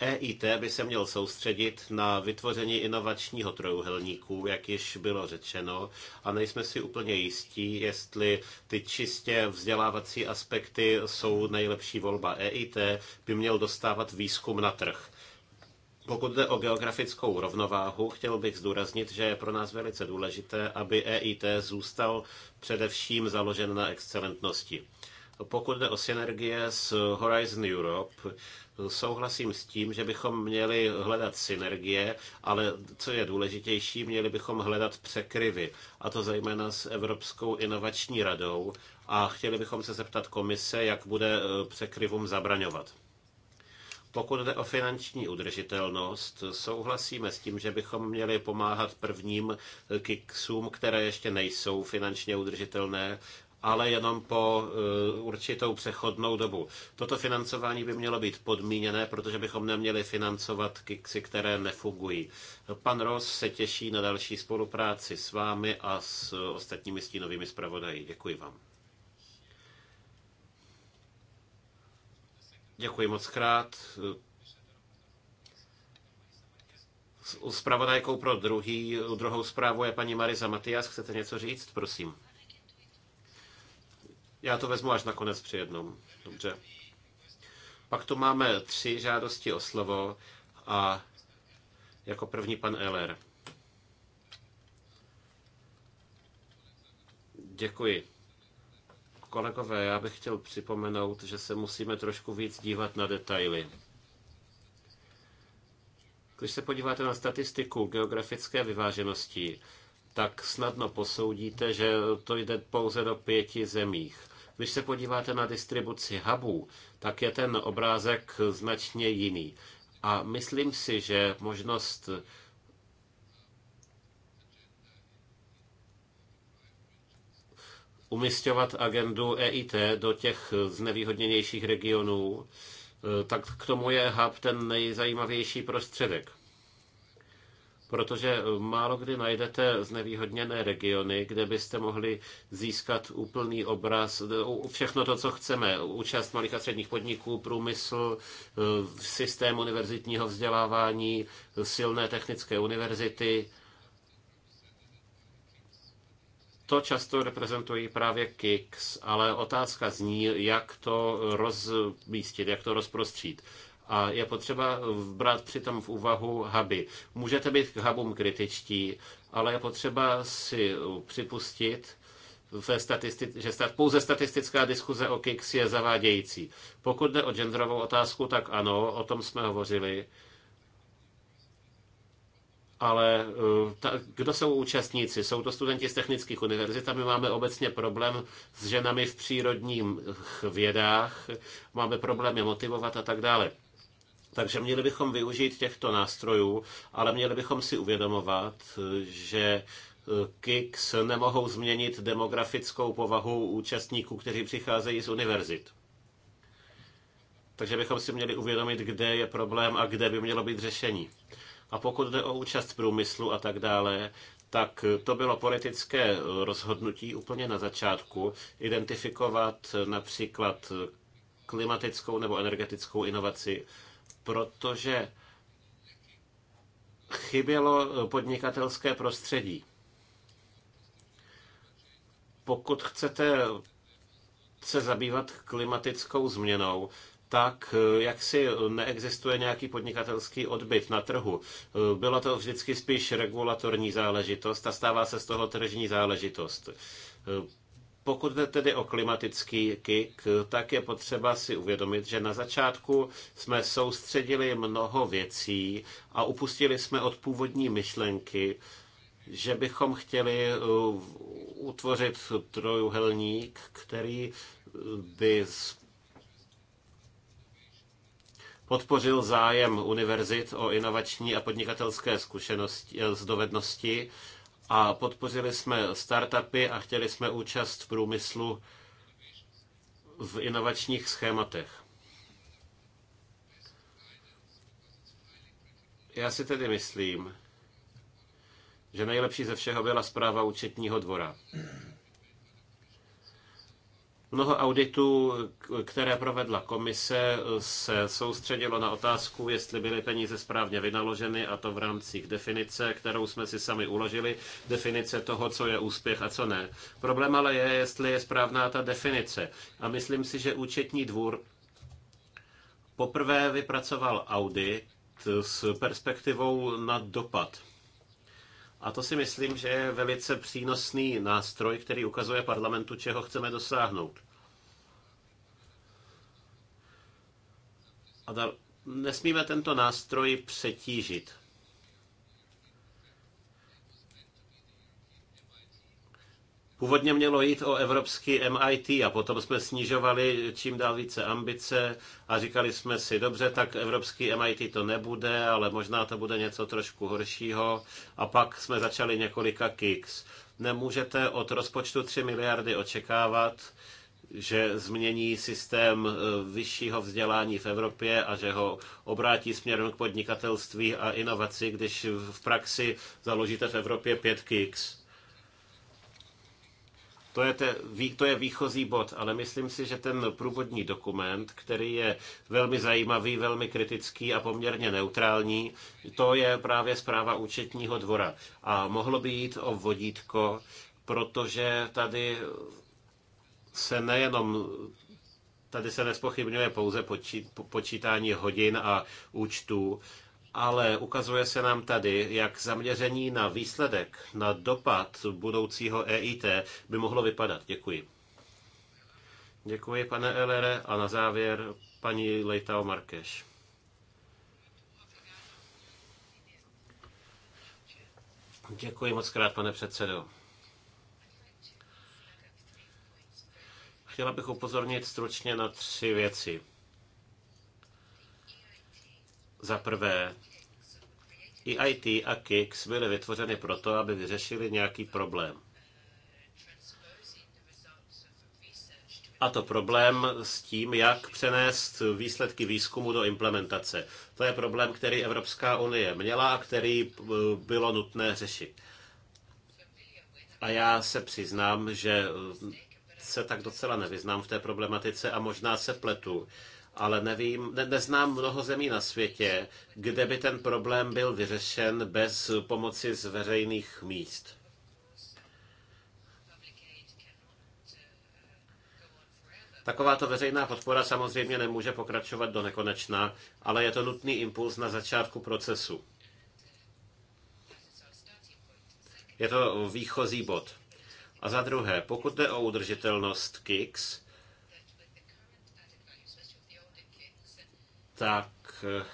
EIT eh, e by se měl soustředit na vytvoření inovačního trojuhelníku, jak již bylo řečeno, a nejsme si úplně jistí, jestli ty čistě vzdělávací aspekty jsou nejlepší volba. EIT by měl dostávat výzkum na trh. Pokud jde o geografickou rovnováhu, chtěl bych zdůraznit, že je pro nás velice důležité, aby EIT zůstal především založen na excelentnosti. Pokud jde o synergie s Horizon Europe, souhlasím s tím, že bychom měli hledat synergie, ale co je důležitější, měli bychom hledat překryvy, a to zejména s Evropskou inovační radou. A chtěli bychom se zeptat komise, jak bude eh, překryvům zabraňovat. Pokud jde o finanční udržitelnost, souhlasíme s tím, že bychom měli pomáhat prvním kiksům, které ještě nejsou finančně udržitelné, ale jenom po eh, určitou přechodnou dobu. Toto financování by mělo být podmíněné, protože bychom neměli financovat kiksy, které nefungují. Pan Ross se těší na další spolupráci s vámi a s ostatními stínovými zpravodaji. Děkuji vám. Děkuji moc krát. Zpravodajkou pro druhý, druhou zprávu je paní Marisa Matias. Chcete něco říct? Prosím. Já to vezmu až nakonec při jednom. Dobře. Pak tu máme tři žádosti o slovo a jako první pan Eller. Děkuji. Kolegové, já bych chtěl připomenout, že se musíme trošku víc dívat na detaily. Když se podíváte na statistiku geografické vyváženosti, tak snadno posoudíte, že to jde pouze do pěti zemích. Když se podíváte na distribuci hubů, tak je ten obrázek značně jiný. A myslím si, že možnost umistovat agendu EIT do těch znevýhodněnějších regionů, eh, tak k tomu je hub ten nejzajímavější prostředek. Protože eh, málo kdy najdete znevýhodněné regiony, kde byste mohli získat úplný obraz, eh, všechno to, co chceme. Účast malých a středních podniků, průmysl, systém univerzitního vzdělávání, silné technické univerzity, to často reprezentují právě Kicks, ale otázka zní, jak to rozmístit, jak to rozprostřít. A je potřeba brát přitom v úvahu huby. Můžete být k hubům kritičtí, ale je potřeba si připustit, ve statisti- že stat- pouze statistická diskuze o kicks je zavádějící. Pokud jde o genderovou otázku, tak ano, o tom jsme hovořili ale eh, ta, kdo jsou účastníci? Jsou to studenti z technických univerzit a my máme obecně problém s ženami v přírodních vědách, máme problém je motivovat a tak dále. Takže měli bychom využít těchto nástrojů, ale měli bychom si uvědomovat, že eh, KICS nemohou změnit demografickou povahu účastníků, kteří přicházejí z univerzit. Takže bychom si měli uvědomit, kde je problém a kde by mělo být řešení. A pokud jde o účast průmyslu a tak dále, tak to bylo politické rozhodnutí úplně na začátku identifikovat například klimatickou nebo energetickou inovaci, protože chybělo podnikatelské prostředí. Pokud chcete se zabývat klimatickou změnou, tak eh, jak si neexistuje nějaký podnikatelský odbyt na trhu. Eh, Byla to vždycky spíš regulatorní záležitost a stává se z toho tržní záležitost. Eh, Pokud jde tedy o klimatický kick, tak je potřeba si uvědomit, že na začátku jsme soustředili mnoho věcí a upustili jsme od původní myšlenky, že bychom chtěli utvořit trojuhelník, který by z podpořil zájem univerzit o inovační a podnikatelské zkušenosti, eh, z dovednosti a podpořili jsme startupy a chtěli jsme účast v průmyslu v inovačních schématech. Já si tedy myslím, že nejlepší ze všeho byla zpráva účetního dvora. Mnoho auditů, které provedla komise, se soustředilo na otázku, jestli byly peníze správně vynaloženy a to v rámci definice, kterou jsme si sami uložili, definice toho, co je úspěch a co ne. Problém ale je, jestli je správná ta definice. A myslím si, že účetní dvůr poprvé vypracoval audit s perspektivou na dopad a to si myslím, že je velice přínosný nástroj, který ukazuje parlamentu, čeho chceme dosáhnout. A da, nesmíme tento nástroj přetížit. Původně mělo jít o evropský MIT a potom jsme snižovali čím dál více ambice a říkali jsme si, dobře, tak evropský MIT to nebude, ale možná to bude něco trošku horšího. A pak jsme začali několika kicks. Nemůžete od rozpočtu 3 miliardy očekávat, že změní systém e, vyššího vzdělání v Evropě a že ho obrátí směrem k podnikatelství a inovaci, když v praxi založíte v Evropě pět kicks. To je, te, to je výchozí bod, ale myslím si, že ten průvodní dokument, který je velmi zajímavý, velmi kritický a poměrně neutrální, to je právě zpráva účetního dvora. A mohlo by jít o vodítko, protože tady se nejenom tady se nespochybňuje pouze počítání hodin a účtů, ale ukazuje se nám tady, jak zaměření na výsledek, na dopad budoucího EIT by mohlo vypadat. Děkuji. Děkuji, pane Elere, a na závěr paní Leitao Markeš. Děkuji moc krát, pane předsedo. Chtěla bych upozornit stručně na tři věci. Za prvé, i IT a KIX byly vytvořeny proto, aby vyřešili nějaký problém. A to problém s tím, jak přenést výsledky výzkumu do implementace. To je problém, který Evropská unie měla a který eh, bylo nutné řešit. A já se přiznám, že eh, se tak docela nevyznám v té problematice a možná se pletu ale nevím, ne, neznám mnoho zemí na světě, kde by ten problém byl vyřešen bez pomoci z veřejných míst. Takováto veřejná podpora samozřejmě nemůže pokračovat do nekonečna, ale je to nutný impuls na začátku procesu. Je to výchozí bod. A za druhé, pokud jde o udržitelnost KICS, tak eh,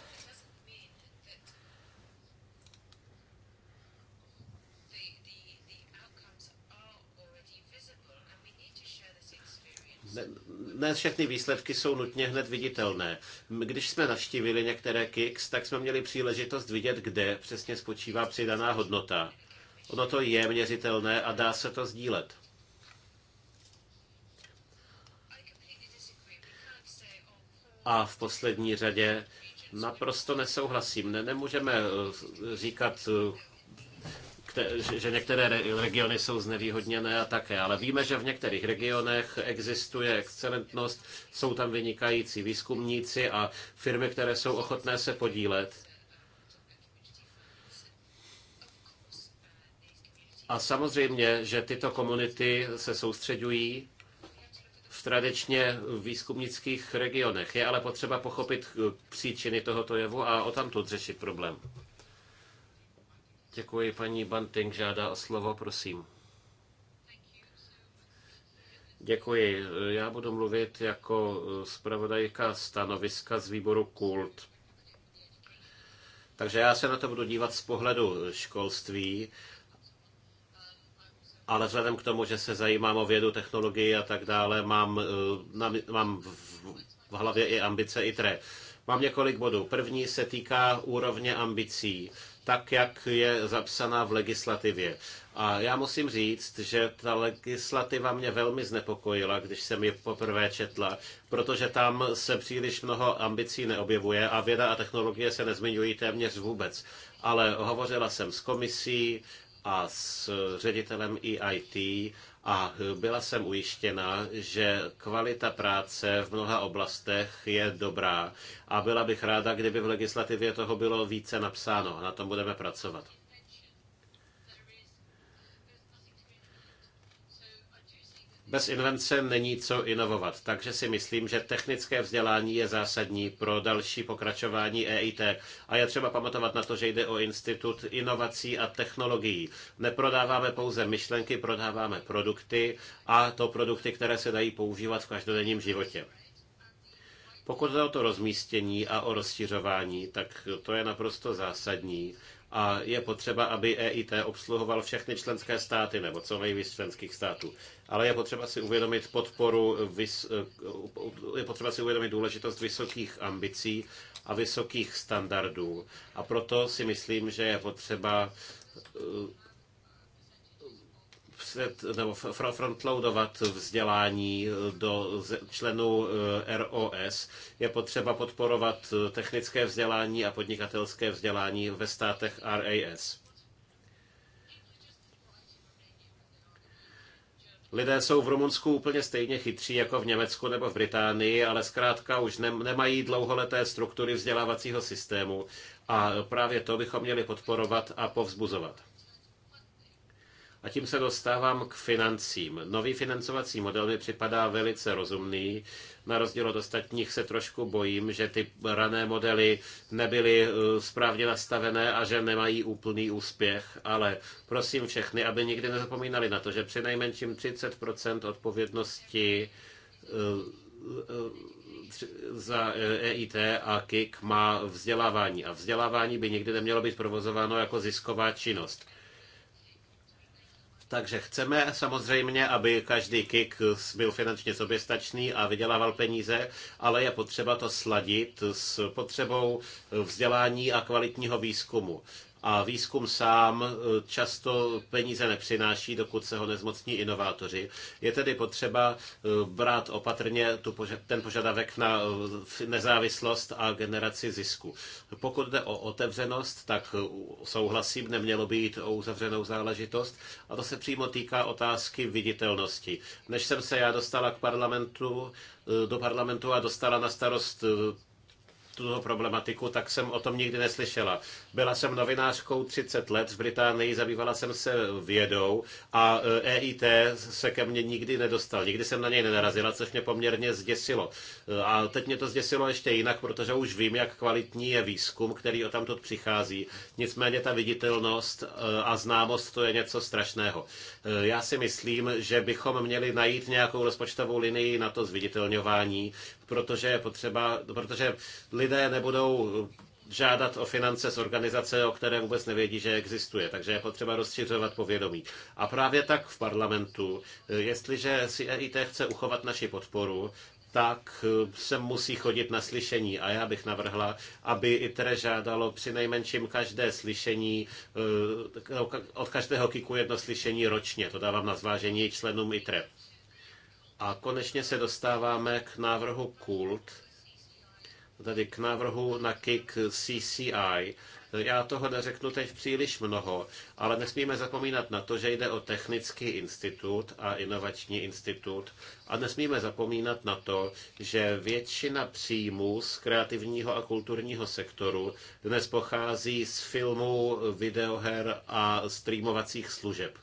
ne, ne všechny výsledky jsou nutně hned viditelné. Když jsme navštívili některé KIX, tak jsme měli příležitost vidět, kde přesně spočívá přidaná hodnota. Ono to je měřitelné a dá se to sdílet. A v poslední řadě naprosto nesouhlasím. Ne, nemůžeme eh, říkat eh, že některé regiony jsou znevýhodněné a také, ale víme, že v některých regionech existuje excelentnost, jsou tam vynikající výzkumníci a firmy, které jsou ochotné se podílet. A samozřejmě, že tyto komunity se soustředují tradičně v výzkumnických regionech. Je ale potřeba pochopit eh, příčiny tohoto jevu a o tamto řešit problém. Děkuji, paní Banting žádá o slovo, prosím. Děkuji. Já budu mluvit jako eh, zpravodajka stanoviska z výboru KULT. Takže já se na to budu dívat z pohledu školství ale vzhledem k tomu, že se zajímám o vědu, technologii a tak dále, mám, eh, mám v hlavě i ambice ITRE. Mám několik bodů. První se týká úrovně ambicí, tak jak je zapsaná v legislativě. A já musím říct, že ta legislativa mě velmi znepokojila, když jsem ji poprvé četla, protože tam se příliš mnoho ambicí neobjevuje a věda a technologie se nezmiňují téměř vůbec. Ale hovořila jsem s komisí, a s ředitelem EIT a byla jsem ujištěna, že kvalita práce v mnoha oblastech je dobrá a byla bych ráda, kdyby v legislativě toho bylo více napsáno na tom budeme pracovat. Bez invence není co inovovat, takže si myslím, že technické vzdělání je zásadní pro další pokračování EIT. A je třeba pamatovat na to, že jde o institut inovací a technologií. Neprodáváme pouze myšlenky, prodáváme produkty a to produkty, které se dají používat v každodenním životě. Pokud jde o to rozmístění a o rozšiřování, tak to je naprosto zásadní a je potřeba, aby EIT obsluhoval všechny členské státy nebo co nejvíc členských států. Ale je potřeba si uvědomit podporu, je potřeba si uvědomit důležitost vysokých ambicí a vysokých standardů. A proto si myslím, že je potřeba vracet nebo frontloadovat vzdělání eh, do členů eh, ROS. Je potřeba podporovat eh, technické vzdělání a podnikatelské vzdělání ve státech RAS. Lidé jsou v Rumunsku úplně stejně chytří jako v Německu nebo v Británii, ale zkrátka už nemají dlouholeté struktury vzdělávacího systému a právě to bychom měli podporovat a povzbuzovat. A tím se dostávám k financím. Nový financovací model mi připadá velice rozumný. Na rozdíl od ostatních se trošku bojím, že ty rané modely nebyly eh, správně nastavené a že nemají úplný úspěch, ale prosím všechny, aby nikdy nezapomínali na to, že při nejmenším 30% odpovědnosti eh, eh, za EIT e a KIK má vzdělávání. A vzdělávání by nikdy nemělo být provozováno jako zisková činnost. Takže chceme samozřejmě, aby každý kick byl finančně soběstačný a vydělával peníze, ale je potřeba to sladit s potřebou vzdělání a kvalitního výzkumu. A výzkum sám eh, často peníze nepřináší, dokud se ho nezmocní inovátoři. Je tedy potřeba eh, brát opatrně tu ten požadavek na eh, nezávislost a generaci zisku. Pokud jde o otevřenost, tak souhlasím, nemělo by jít o uzavřenou záležitost. A to se přímo týká otázky viditelnosti. Než jsem se já dostala k parlamentu, do parlamentu a dostala na starost tuto problematiku, tak jsem o tom nikdy neslyšela. Byla jsem novinářkou 30 let v Británii, zabývala jsem se vědou a EIT e se ke mně nikdy nedostal. Nikdy jsem na něj nenarazila, což mě poměrně zděsilo. E, a teď mě to zděsilo ještě jinak, protože už vím, jak kvalitní je výzkum, který o tamtud přichází. Nicméně ta viditelnost e, a známost to je něco strašného. Já si myslím, že bychom měli najít nějakou rozpočtovou linii na to zviditelňování, protože je potřeba, protože lidé nebudou žádat o finance z organizace, o které vůbec nevědí, že existuje. Takže je potřeba rozšiřovat povědomí. A právě tak v parlamentu, jestliže si EIT chce uchovat naši podporu, tak eh, se musí chodit na slyšení. A já bych navrhla, aby ITRE žádalo při nejmenším každé slyšení, eh, od každého kiku jedno slyšení ročně. To dávám na zvážení členům ITRE. A konečně se dostáváme k návrhu KULT, tedy k návrhu na KIK CCI. Já toho neřeknu teď příliš mnoho, ale nesmíme zapomínat na to, že jde o technický institut a inovační institut a nesmíme zapomínat na to, že většina příjmů z kreativního a kulturního sektoru dnes pochází z filmů, videoher a streamovacích služeb.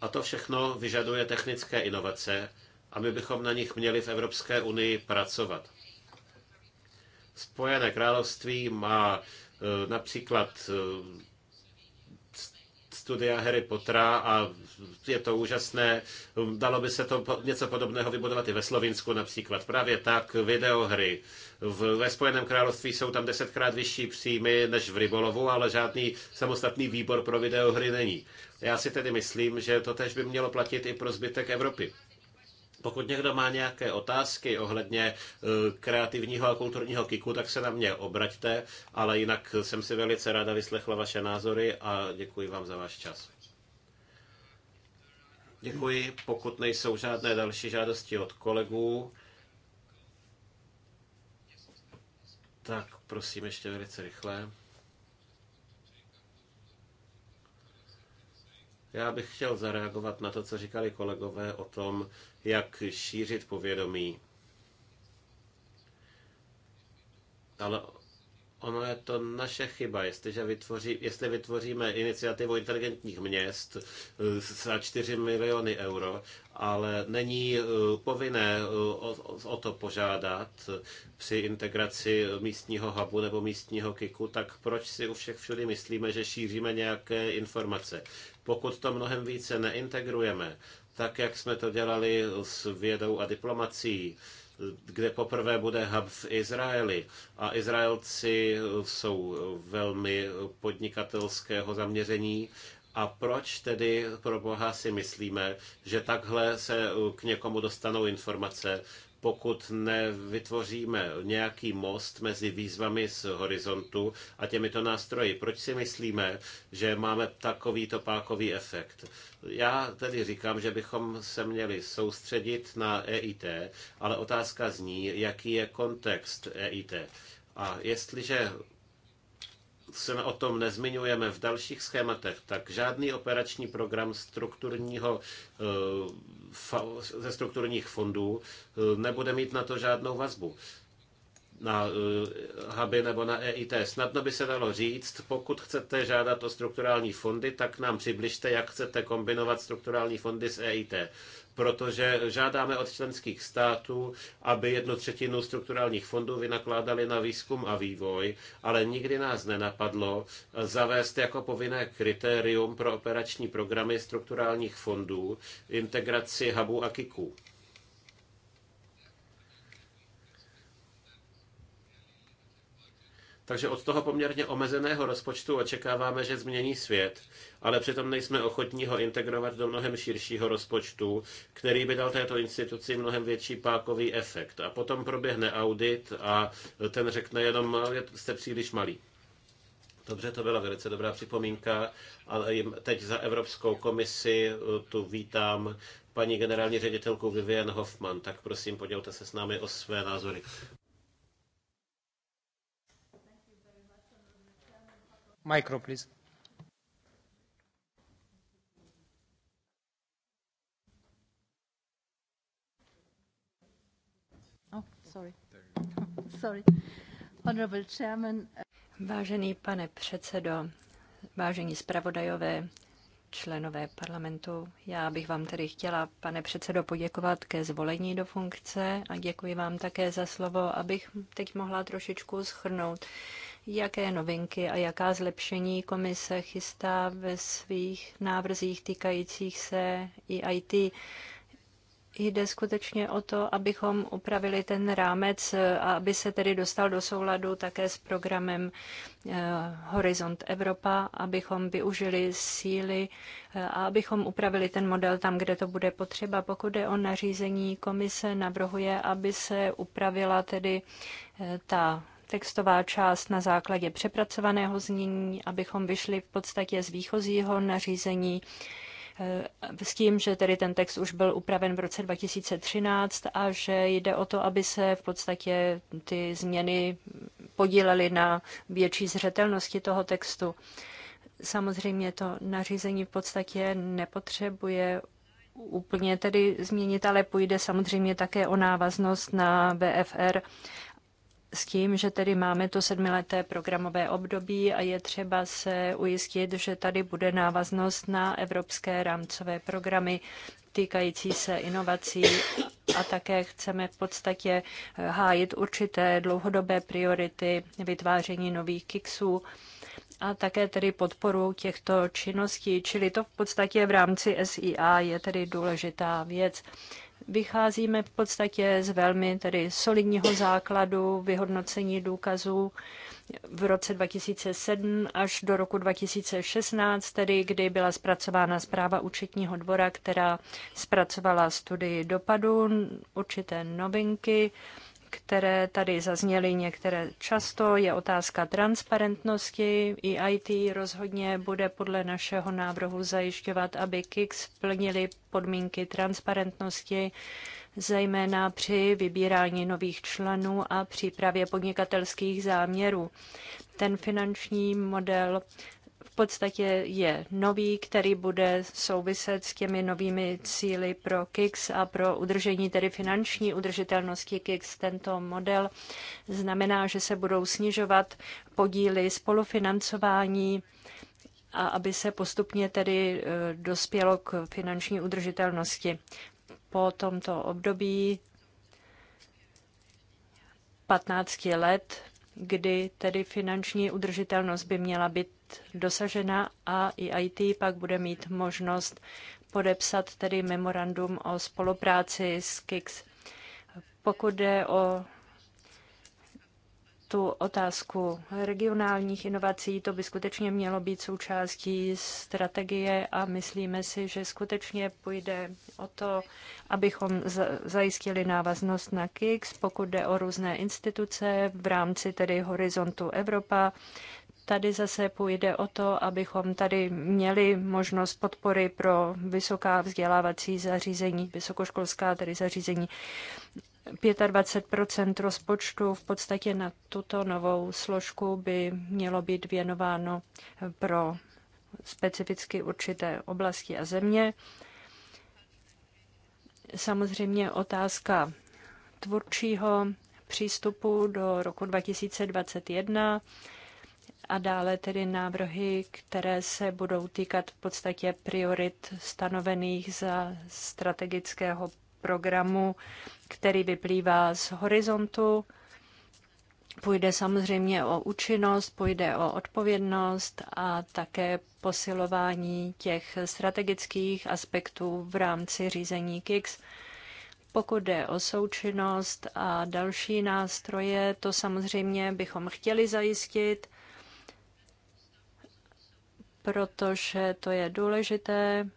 A to všechno vyžaduje technické inovace a my bychom na nich měli v Evropské unii pracovat. Spojené království má eh, například eh, studia Harry Pottera a je to úžasné. Dalo by se to něco podobného vybudovat i ve Slovinsku například. Právě tak videohry, v, ve Spojeném království jsou tam desetkrát vyšší příjmy než v rybolovu, ale žádný samostatný výbor pro videohry není. Já si tedy myslím, že to tež by mělo platit i pro zbytek Evropy. Pokud někdo má nějaké otázky ohledně e, kreativního a kulturního kiku, tak se na mě obraťte, ale jinak jsem si velice ráda vyslechla vaše názory a děkuji vám za váš čas. Děkuji, pokud nejsou žádné další žádosti od kolegů. Tak prosím ještě velice rychle. Já bych chtěl zareagovat na to, co říkali kolegové o tom, jak šířit povědomí. Ale ono je to naše chyba, jestliže vytvoří, jestli vytvoříme iniciativu inteligentních měst za 4 miliony euro ale není eh, povinné eh, o to požádat při integraci místního hubu nebo místního kiku, tak proč si u všech všude myslíme, že šíříme nějaké informace? Pokud to mnohem více neintegrujeme, tak jak jsme to dělali s vědou a diplomací, kde poprvé bude hub v Izraeli. A Izraelci jsou velmi podnikatelského zaměření a proč tedy pro Boha si myslíme, že takhle se uh, k někomu dostanou informace, pokud nevytvoříme nějaký most mezi výzvami z horizontu a těmito nástroji. Proč si myslíme, že máme takovýto pákový efekt? Já tedy říkám, že bychom se měli soustředit na EIT, ale otázka zní, jaký je kontext EIT. A jestliže se o tom nezmiňujeme v dalších schématech, tak žádný operační program strukturního, eh, ze strukturních fondů eh, nebude mít na to žádnou vazbu na eh, huby nebo na EIT. Snadno by se dalo říct, pokud chcete žádat o strukturální fondy, tak nám přibližte, jak chcete kombinovat strukturální fondy s EIT protože žádáme od členských států, aby jednu třetinu strukturálních fondů vynakládali na výzkum a vývoj, ale nikdy nás nenapadlo eh, zavést jako povinné kritérium pro operační programy strukturálních fondů integraci hubů a kiků. Takže od toho poměrně omezeného rozpočtu očekáváme, že změní svět, ale přitom nejsme ochotní ho integrovat do mnohem širšího rozpočtu, který by dal této instituci mnohem větší pákový efekt. A potom proběhne audit a ten řekne jenom, jste příliš malý. Dobře, to byla velice dobrá připomínka, ale teď za Evropskou komisi eh, tu vítám paní generální ředitelku Vivian Hoffman, tak prosím podělte se s námi o své názory. Micro, please. Oh, uh, Vážený pane předsedo, vážení zpravodajové, členové parlamentu. Já bych vám tedy chtěla, pane předsedo, poděkovat ke zvolení do funkce a děkuji vám také za slovo, abych teď mohla trošičku schrnout jaké novinky a jaká zlepšení komise chystá ve svých návrzích týkajících se e i IT. Jde skutečně o to, abychom upravili ten rámec a aby se tedy dostal do souladu také s programem eh, Horizont Evropa, abychom využili síly eh, a abychom upravili ten model tam, kde to bude potřeba. Pokud je o nařízení, komise navrhuje, aby se upravila tedy eh, ta textová část na základě přepracovaného znění, abychom vyšli v podstatě z výchozího nařízení eh, s tím, že tedy ten text už byl upraven v roce 2013 a že jde o to, aby se v podstatě ty změny podílely na větší zřetelnosti toho textu. Samozřejmě to nařízení v podstatě nepotřebuje úplně tedy změnit, ale půjde samozřejmě také o návaznost na BFR s tím, že tedy máme to sedmileté programové období a je třeba se ujistit, že tady bude návaznost na evropské rámcové programy týkající se inovací a také chceme v podstatě eh, hájit určité dlouhodobé priority vytváření nových kiksů a také tedy podporu těchto činností, čili to v podstatě v rámci SIA je tedy důležitá věc vycházíme v podstatě z velmi tedy solidního základu vyhodnocení důkazů v roce 2007 až do roku 2016, tedy kdy byla zpracována zpráva účetního dvora, která zpracovala studii dopadu, určité novinky, které tady zazněly některé často, je otázka transparentnosti. I IT rozhodně bude podle našeho návrhu zajišťovat, aby KIX plnili podmínky transparentnosti, zejména při vybírání nových členů a přípravě podnikatelských záměrů. Ten finanční model podstatě je nový, který bude souviset s těmi novými cíly pro KIX a pro udržení tedy finanční udržitelnosti KIX. Tento model znamená, že se budou snižovat podíly spolufinancování a aby se postupně tedy e, dospělo k finanční udržitelnosti. Po tomto období 15 let, kdy tedy finanční udržitelnost by měla být dosažena a EIT pak bude mít možnost podepsat tedy memorandum o spolupráci s KIX. Pokud jde o tu otázku regionálních inovací, to by skutečně mělo být součástí strategie a myslíme si, že skutečně půjde o to, abychom zajistili návaznost na KIX, pokud jde o různé instituce v rámci tedy horizontu Evropa, Tady zase půjde o to, abychom tady měli možnost podpory pro vysoká vzdělávací zařízení, vysokoškolská tedy zařízení. 25 rozpočtu v podstatě na tuto novou složku by mělo být věnováno pro specificky určité oblasti a země. Samozřejmě otázka tvůrčího přístupu do roku 2021 a dále tedy návrhy, které se budou týkat v podstatě priorit stanovených za strategického programu, který vyplývá z horizontu. Půjde samozřejmě o účinnost, půjde o odpovědnost a také posilování těch strategických aspektů v rámci řízení KIX. Pokud jde o součinnost a další nástroje, to samozřejmě bychom chtěli zajistit protože to je důležité.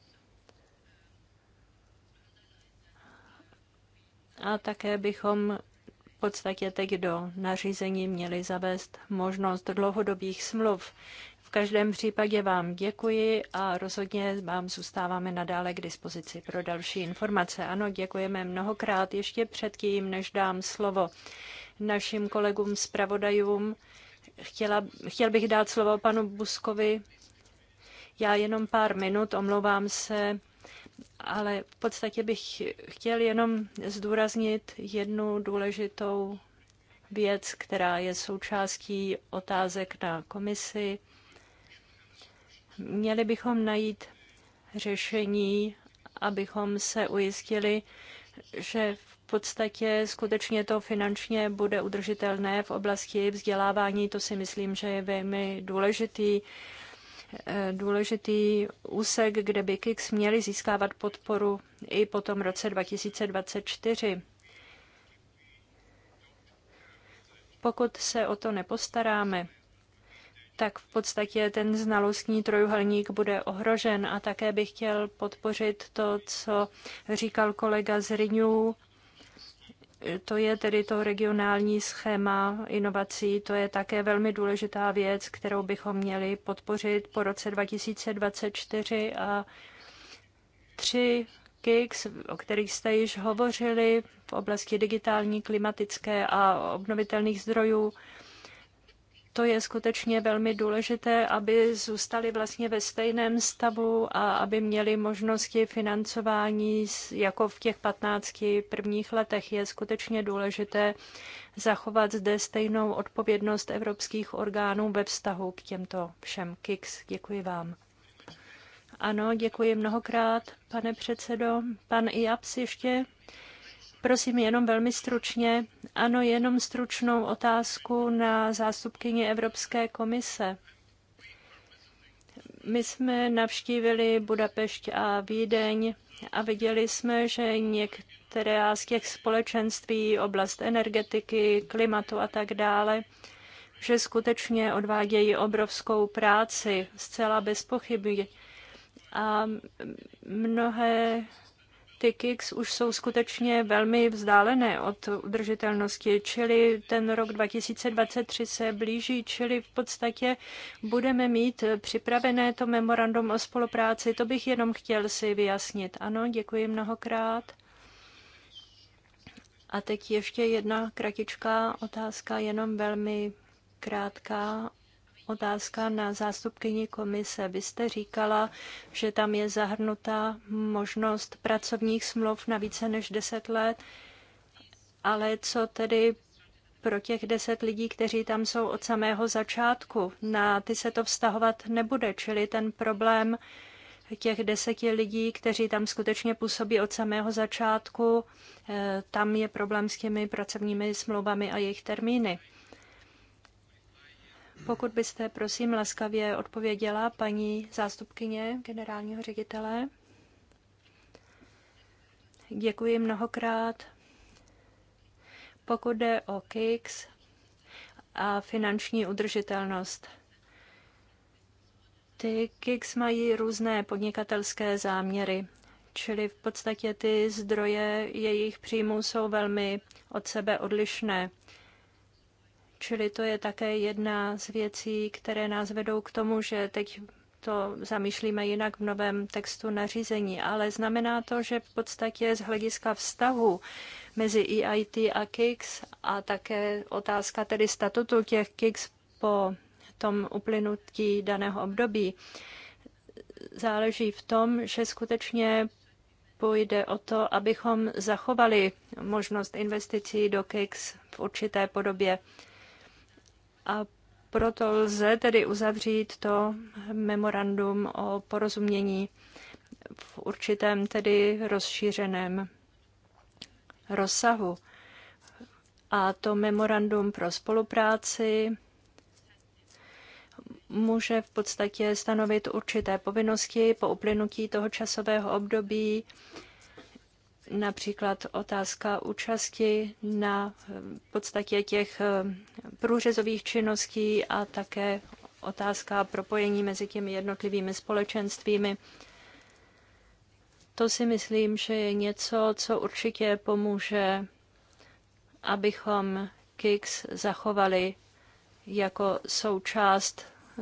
A také bychom v podstatě teď do nařízení měli zavést možnost dlouhodobých smluv. V každém případě vám děkuji a rozhodně vám zůstáváme nadále k dispozici pro další informace. Ano, děkujeme mnohokrát ještě předtím, než dám slovo našim kolegům zpravodajům. Chtěla, chtěl bych dát slovo panu Buskovi já jenom pár minut, omlouvám se, ale v podstatě bych chtěl jenom zdůraznit jednu důležitou věc, která je součástí otázek na komisi. Měli bychom najít řešení, abychom se ujistili, že v podstatě skutečně to finančně bude udržitelné v oblasti vzdělávání. To si myslím, že je velmi důležitý Eh, důležitý úsek, kde by KIX měli získávat podporu i po tom roce 2024. Pokud se o to nepostaráme, tak v podstatě ten znalostní trojuhelník bude ohrožen. A také bych chtěl podpořit to, co říkal kolega z Renew to je tedy to regionální schéma inovací. To je také velmi důležitá věc, kterou bychom měli podpořit po roce 2024 a tři KICS, o kterých jste již hovořili v oblasti digitální, klimatické a obnovitelných zdrojů to je skutečně velmi důležité, aby zůstali vlastně ve stejném stavu a aby měli možnosti financování jako v těch 15 prvních letech. Je skutečně důležité zachovat zde stejnou odpovědnost evropských orgánů ve vztahu k těmto všem KIX, Děkuji vám. Ano, děkuji mnohokrát, pane předsedo. Pan Iaps ještě. Prosím jenom velmi stručně, ano, jenom stručnou otázku na zástupkyni Evropské komise. My jsme navštívili Budapešť a Vídeň a viděli jsme, že některé z těch společenství, oblast energetiky, klimatu a tak dále, že skutečně odvádějí obrovskou práci, zcela bez pochyby. A mnohé ty KICS už jsou skutečně velmi vzdálené od udržitelnosti, čili ten rok 2023 se blíží, čili v podstatě budeme mít připravené to memorandum o spolupráci. To bych jenom chtěl si vyjasnit. Ano, děkuji mnohokrát. A teď ještě jedna kratičká otázka, jenom velmi krátká otázka na zástupkyni komise. Vy jste říkala, že tam je zahrnutá možnost pracovních smluv na více než 10 let, ale co tedy pro těch 10 lidí, kteří tam jsou od samého začátku? Na ty se to vztahovat nebude, čili ten problém těch deseti lidí, kteří tam skutečně působí od samého začátku, eh, tam je problém s těmi pracovními smlouvami a jejich termíny. Pokud byste, prosím, laskavě odpověděla paní zástupkyně generálního ředitele. Děkuji mnohokrát. Pokud jde o KIX a finanční udržitelnost, ty KIX mají různé podnikatelské záměry, čili v podstatě ty zdroje jejich příjmů jsou velmi od sebe odlišné. Čili to je také jedna z věcí, které nás vedou k tomu, že teď to zamýšlíme jinak v novém textu nařízení, ale znamená to, že v podstatě z hlediska vztahu mezi EIT a KIX a také otázka tedy statutu těch KIX po tom uplynutí daného období záleží v tom, že skutečně půjde o to, abychom zachovali možnost investicí do KIX v určité podobě a proto lze tedy uzavřít to memorandum o porozumění v určitém tedy rozšířeném rozsahu. A to memorandum pro spolupráci může v podstatě stanovit určité povinnosti po uplynutí toho časového období například otázka účasti na eh, podstatě těch eh, průřezových činností a také otázka propojení mezi těmi jednotlivými společenstvími. To si myslím, že je něco, co určitě pomůže, abychom KIX zachovali jako součást eh,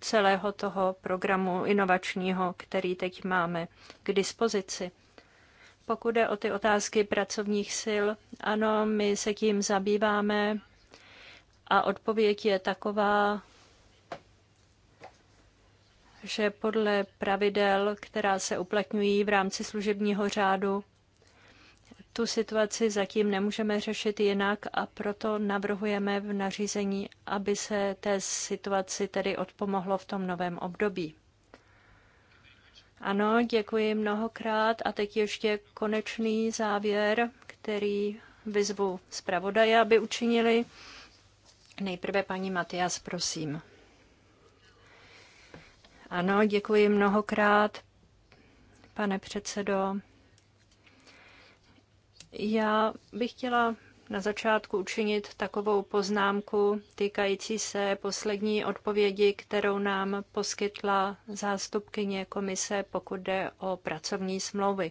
celého toho programu inovačního, který teď máme k dispozici. Pokud jde o ty otázky pracovních sil, ano, my se tím zabýváme a odpověď je taková, že podle pravidel, která se uplatňují v rámci služebního řádu, tu situaci zatím nemůžeme řešit jinak a proto navrhujeme v nařízení, aby se té situaci tedy odpomohlo v tom novém období. Ano, děkuji mnohokrát a teď ještě konečný závěr, který vyzvu zpravodaje, aby učinili. Nejprve paní Matias, prosím. Ano, děkuji mnohokrát, pane předsedo. Já bych chtěla na začátku učinit takovou poznámku týkající se poslední odpovědi, kterou nám poskytla zástupkyně komise, pokud jde o pracovní smlouvy.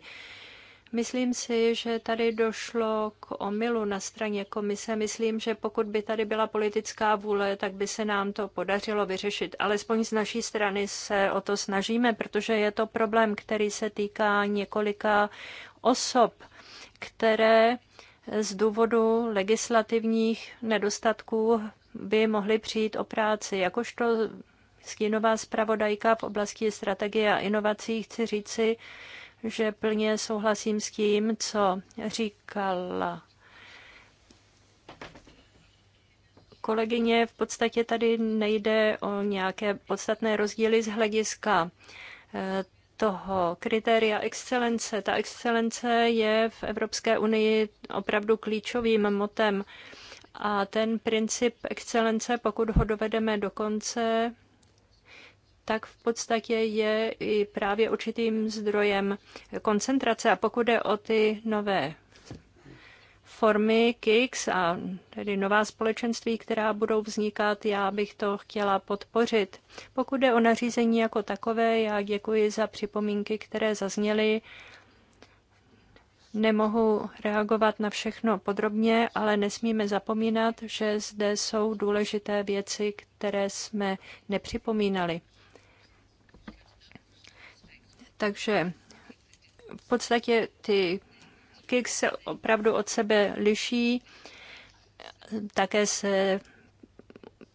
Myslím si, že tady došlo k omylu na straně komise. Myslím, že pokud by tady byla politická vůle, tak by se nám to podařilo vyřešit. Alespoň z naší strany se o to snažíme, protože je to problém, který se týká několika osob, které z důvodu legislativních nedostatků by mohli přijít o práci. Jakožto stínová zpravodajka v oblasti strategie a inovací chci říci, že plně souhlasím s tím, co říkala kolegyně. V podstatě tady nejde o nějaké podstatné rozdíly z hlediska eh, toho kritéria excelence. Ta excelence je v Evropské unii opravdu klíčovým motem. A ten princip excelence, pokud ho dovedeme do konce, tak v podstatě je i právě určitým zdrojem koncentrace. A pokud je o ty nové formy KIX a tedy nová společenství, která budou vznikat, já bych to chtěla podpořit. Pokud jde o nařízení jako takové, já děkuji za připomínky, které zazněly. Nemohu reagovat na všechno podrobně, ale nesmíme zapomínat, že zde jsou důležité věci, které jsme nepřipomínali. Takže v podstatě ty prvky se opravdu od sebe liší. Také se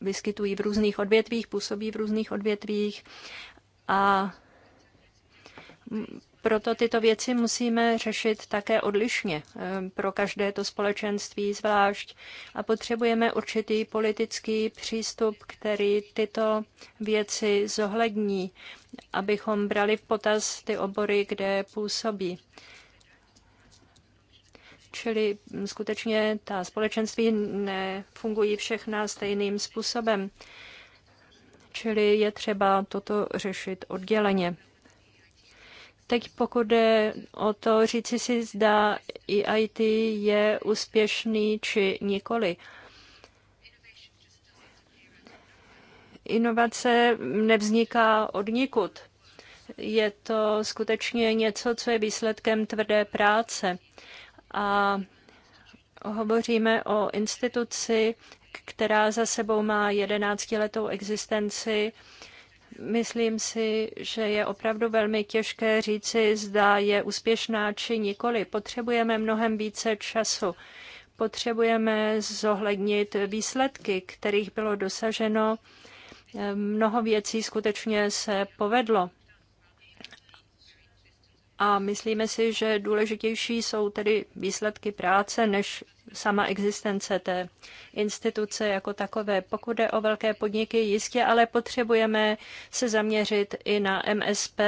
vyskytují v různých odvětvích, působí v různých odvětvích a proto tyto věci musíme řešit také odlišně. Eh, pro každé to společenství zvlášť a potřebujeme určitý politický přístup, který tyto věci zohlední, abychom brali v potaz ty obory, kde působí. Čili skutečně ta společenství nefungují všechna stejným způsobem. Čili je třeba toto řešit odděleně. Teď pokud jde o to říci si, zda EIT je úspěšný či nikoli. Inovace nevzniká od nikud. Je to skutečně něco, co je výsledkem tvrdé práce a hovoříme o instituci, která za sebou má 11-letou existenci. Myslím si, že je opravdu velmi těžké říci, zda je úspěšná či nikoli. Potřebujeme mnohem více času. Potřebujeme zohlednit výsledky, kterých bylo dosaženo. Mnoho věcí skutečně se povedlo a myslíme si, že důležitější jsou tedy výsledky práce než sama existence té instituce jako takové. Pokud jde o velké podniky, jistě, ale potřebujeme se zaměřit i na MSP,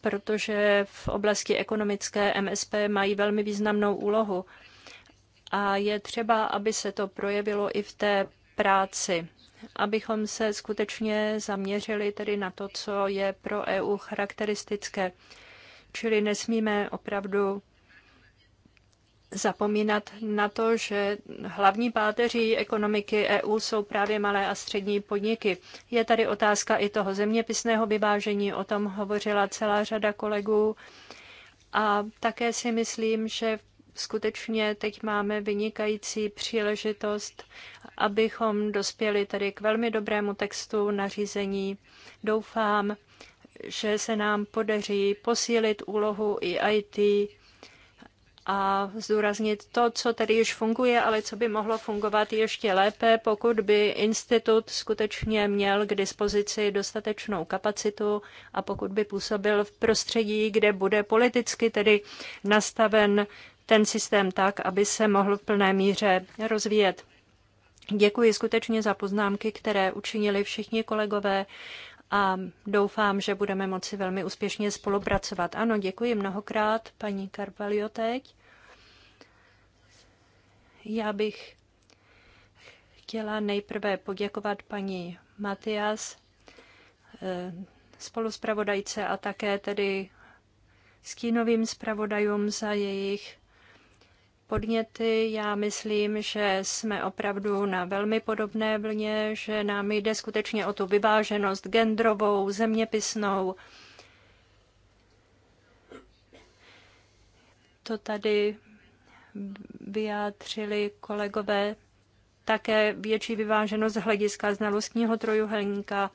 protože v oblasti ekonomické MSP mají velmi významnou úlohu. A je třeba, aby se to projevilo i v té práci abychom se skutečně zaměřili tedy na to, co je pro EU charakteristické. Čili nesmíme opravdu zapomínat na to, že hlavní páteří ekonomiky EU jsou právě malé a střední podniky. Je tady otázka i toho zeměpisného vyvážení, o tom hovořila celá řada kolegů. A také si myslím, že skutečně teď máme vynikající příležitost, abychom dospěli tady k velmi dobrému textu nařízení. Doufám, že se nám podaří posílit úlohu i IT a zdůraznit to, co tady již funguje, ale co by mohlo fungovat ještě lépe, pokud by institut skutečně měl k dispozici dostatečnou kapacitu a pokud by působil v prostředí, kde bude politicky tedy nastaven ten systém tak, aby se mohl v plné míře rozvíjet. Děkuji skutečně za poznámky, které učinili všichni kolegové a doufám, že budeme moci velmi úspěšně spolupracovat. Ano, děkuji mnohokrát, paní Carvalho teď. Já bych chtěla nejprve poděkovat paní Matias, eh, spoluspravodajce a také tedy stínovým zpravodajům za jejich podněty. Já myslím, že jsme opravdu na velmi podobné vlně, že nám jde skutečně o tu vyváženost genderovou, zeměpisnou. To tady vyjádřili kolegové také větší vyváženost z hlediska znalostního trojuhelníka.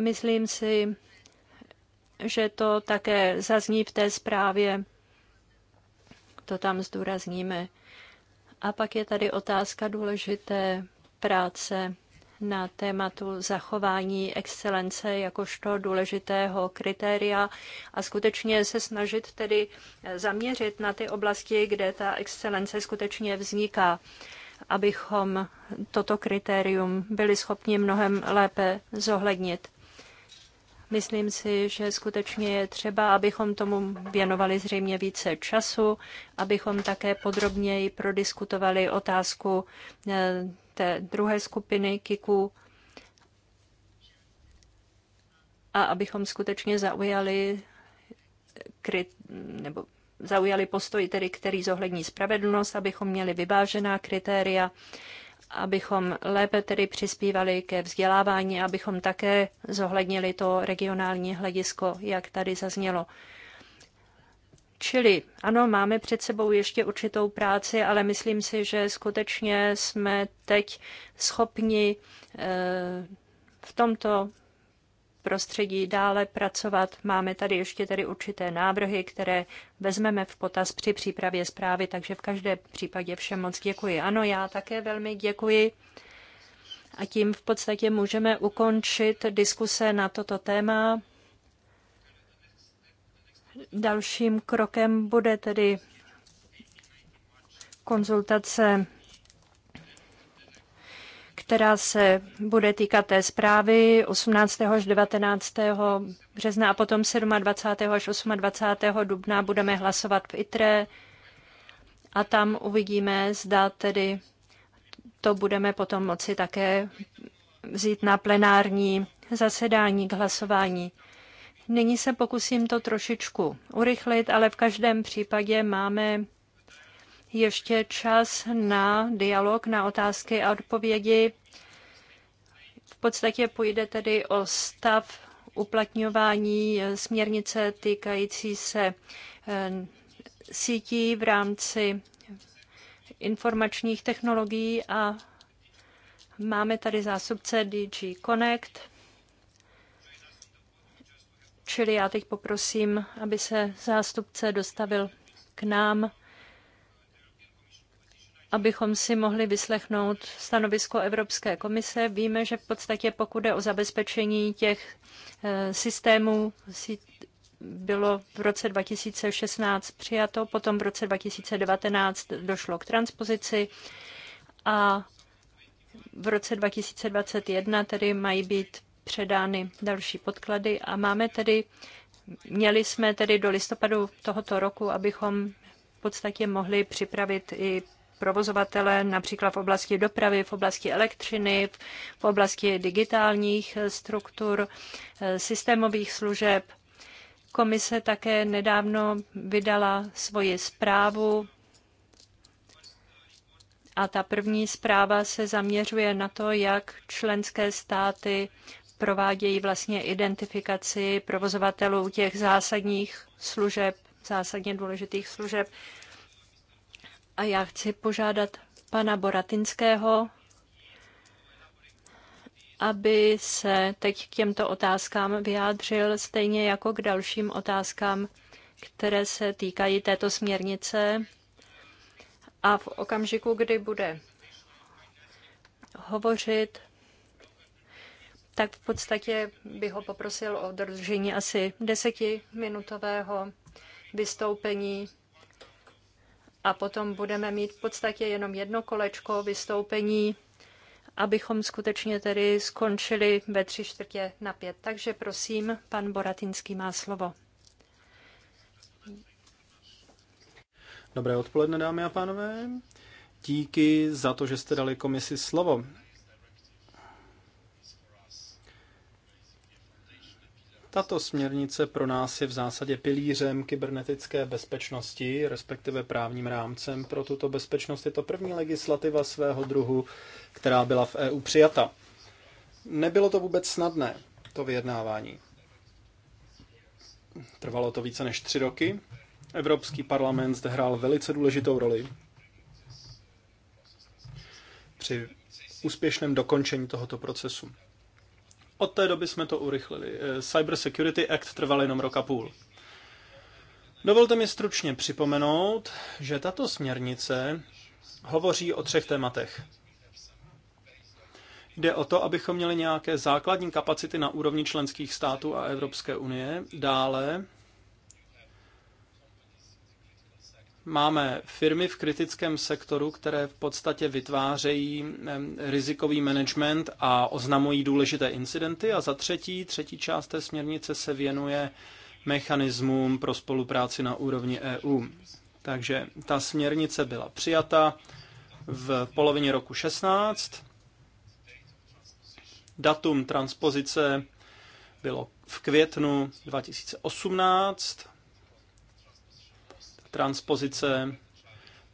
Myslím si, že to také zazní v té zprávě to tam zdůrazníme. A pak je tady otázka důležité práce na tématu zachování excelence jakožto důležitého kritéria a skutečně se snažit tedy zaměřit na ty oblasti, kde ta excelence skutečně vzniká, abychom toto kritérium byli schopni mnohem lépe zohlednit. Myslím si, že skutečně je třeba, abychom tomu věnovali zřejmě více času, abychom také podrobněji prodiskutovali otázku eh, té druhé skupiny kiků a abychom skutečně zaujali kryt, nebo zaujali postoj, tedy který zohlední spravedlnost, abychom měli vyvážená kritéria abychom lépe tedy přispívali ke vzdělávání, abychom také zohlednili to regionální hledisko, jak tady zaznělo. Čili ano, máme před sebou ještě určitou práci, ale myslím si, že skutečně jsme teď schopni eh, v tomto prostředí dále pracovat. Máme tady ještě tady určité návrhy, které vezmeme v potaz při přípravě zprávy, takže v každém případě všem moc děkuji. Ano, já také velmi děkuji. A tím v podstatě můžeme ukončit diskuse na toto téma. Dalším krokem bude tedy konzultace která se bude týkat té zprávy 18. až 19. března a potom 27. až 28. dubna budeme hlasovat v ITRE a tam uvidíme, zda tedy to budeme potom moci také vzít na plenární zasedání k hlasování. Nyní se pokusím to trošičku urychlit, ale v každém případě máme ještě čas na dialog, na otázky a odpovědi podstatě půjde tedy o stav uplatňování eh, směrnice týkající se eh, sítí v rámci informačních technologií a máme tady zásobce DG Connect. Čili já teď poprosím, aby se zástupce dostavil k nám abychom si mohli vyslechnout stanovisko Evropské komise. Víme, že v podstatě pokud je o zabezpečení těch eh, systémů, bylo v roce 2016 přijato, potom v roce 2019 došlo k transpozici a v roce 2021 tedy mají být předány další podklady a máme tedy, měli jsme tedy do listopadu tohoto roku, abychom v podstatě mohli připravit i provozovatele, například v oblasti dopravy, v oblasti elektřiny, v oblasti digitálních struktur, eh, systémových služeb. Komise také nedávno vydala svoji zprávu a ta první zpráva se zaměřuje na to, jak členské státy provádějí vlastně identifikaci provozovatelů těch zásadních služeb, zásadně důležitých služeb a já chci požádat pana Boratinského, aby se teď k těmto otázkám vyjádřil, stejně jako k dalším otázkám, které se týkají této směrnice. A v okamžiku, kdy bude hovořit, tak v podstatě bych ho poprosil o dodržení asi desetiminutového vystoupení a potom budeme mít v podstatě jenom jedno kolečko vystoupení, abychom skutečně tedy skončili ve tři čtvrtě na pět. Takže prosím, pan Boratinský má slovo. Dobré odpoledne, dámy a pánové. Díky za to, že jste dali komisi slovo. Tato směrnice pro nás je v zásadě pilířem kybernetické bezpečnosti, respektive právním rámcem pro tuto bezpečnost. Je to první legislativa svého druhu, která byla v EU přijata. Nebylo to vůbec snadné, to vyjednávání. Trvalo to více než tři roky. Evropský parlament zde hrál velice důležitou roli. Při úspěšném dokončení tohoto procesu. Od té doby jsme to urychlili. Eh, Cyber Security Act trval jenom rok a půl. Dovolte mi stručně připomenout, že tato směrnice hovoří o třech tématech. Jde o to, abychom měli nějaké základní kapacity na úrovni členských států a Evropské unie. Dále Máme firmy v kritickém sektoru, které v podstatě vytvářejí rizikový management a oznamují důležité incidenty. A za třetí, třetí část té směrnice se věnuje mechanismům pro spolupráci na úrovni EU. Takže ta směrnice byla přijata v polovině roku 16. Datum transpozice bylo v květnu 2018 transpozice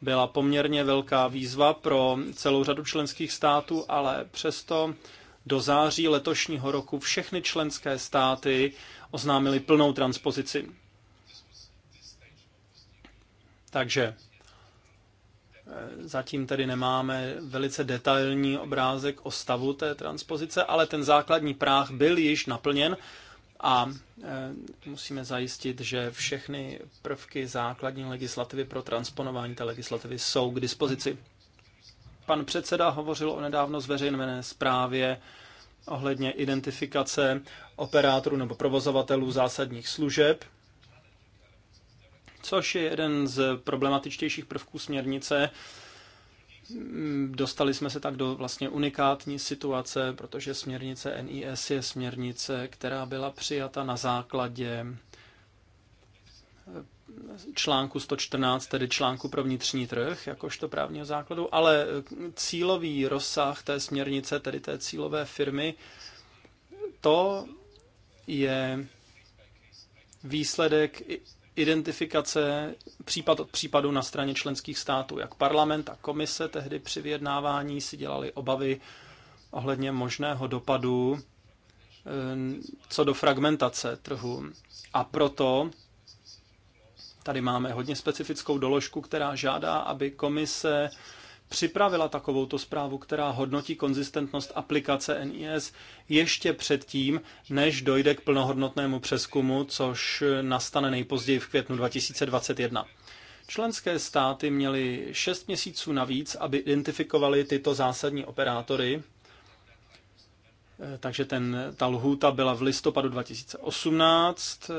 byla poměrně velká výzva pro celou řadu členských států, ale přesto do září letošního roku všechny členské státy oznámily plnou transpozici. Takže eh, zatím tedy nemáme velice detailní obrázek o stavu té transpozice, ale ten základní práh byl již naplněn a eh, musíme zajistit, že všechny prvky základní legislativy pro transponování té legislativy jsou k dispozici. Pan předseda hovořil o nedávno zveřejněné zprávě ohledně identifikace operátorů nebo provozovatelů zásadních služeb, což je jeden z problematičtějších prvků směrnice, Mm, dostali jsme se tak do vlastně unikátní situace, protože směrnice NIS je směrnice, která byla přijata na základě eh, článku 114, tedy článku pro vnitřní trh, jakožto právního základu, ale eh, cílový rozsah té směrnice, tedy té cílové firmy, to je výsledek identifikace případ od případu na straně členských států. Jak parlament a komise tehdy při vyjednávání si dělali obavy ohledně možného dopadu eh, co do fragmentace trhu. A proto tady máme hodně specifickou doložku, která žádá, aby komise připravila takovouto zprávu, která hodnotí konzistentnost aplikace NIS ještě předtím, než dojde k plnohodnotnému přeskumu, což nastane nejpozději v květnu 2021. Členské státy měly 6 měsíců navíc, aby identifikovali tyto zásadní operátory, eh, takže ten, ta lhůta byla v listopadu 2018.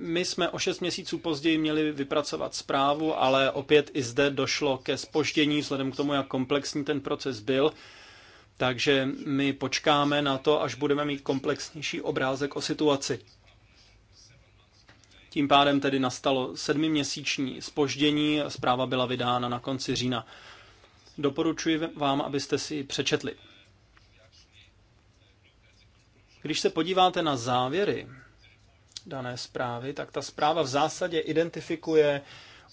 My jsme o 6 měsíců později měli vypracovat zprávu, ale opět i zde došlo ke spoždění vzhledem k tomu, jak komplexní ten proces byl. Takže my počkáme na to, až budeme mít komplexnější obrázek o situaci. Tím pádem tedy nastalo sedmiměsíční spoždění, zpráva byla vydána na konci října. Doporučuji vám, abyste si ji přečetli. Když se podíváte na závěry dané zprávy, tak ta zpráva v zásadě identifikuje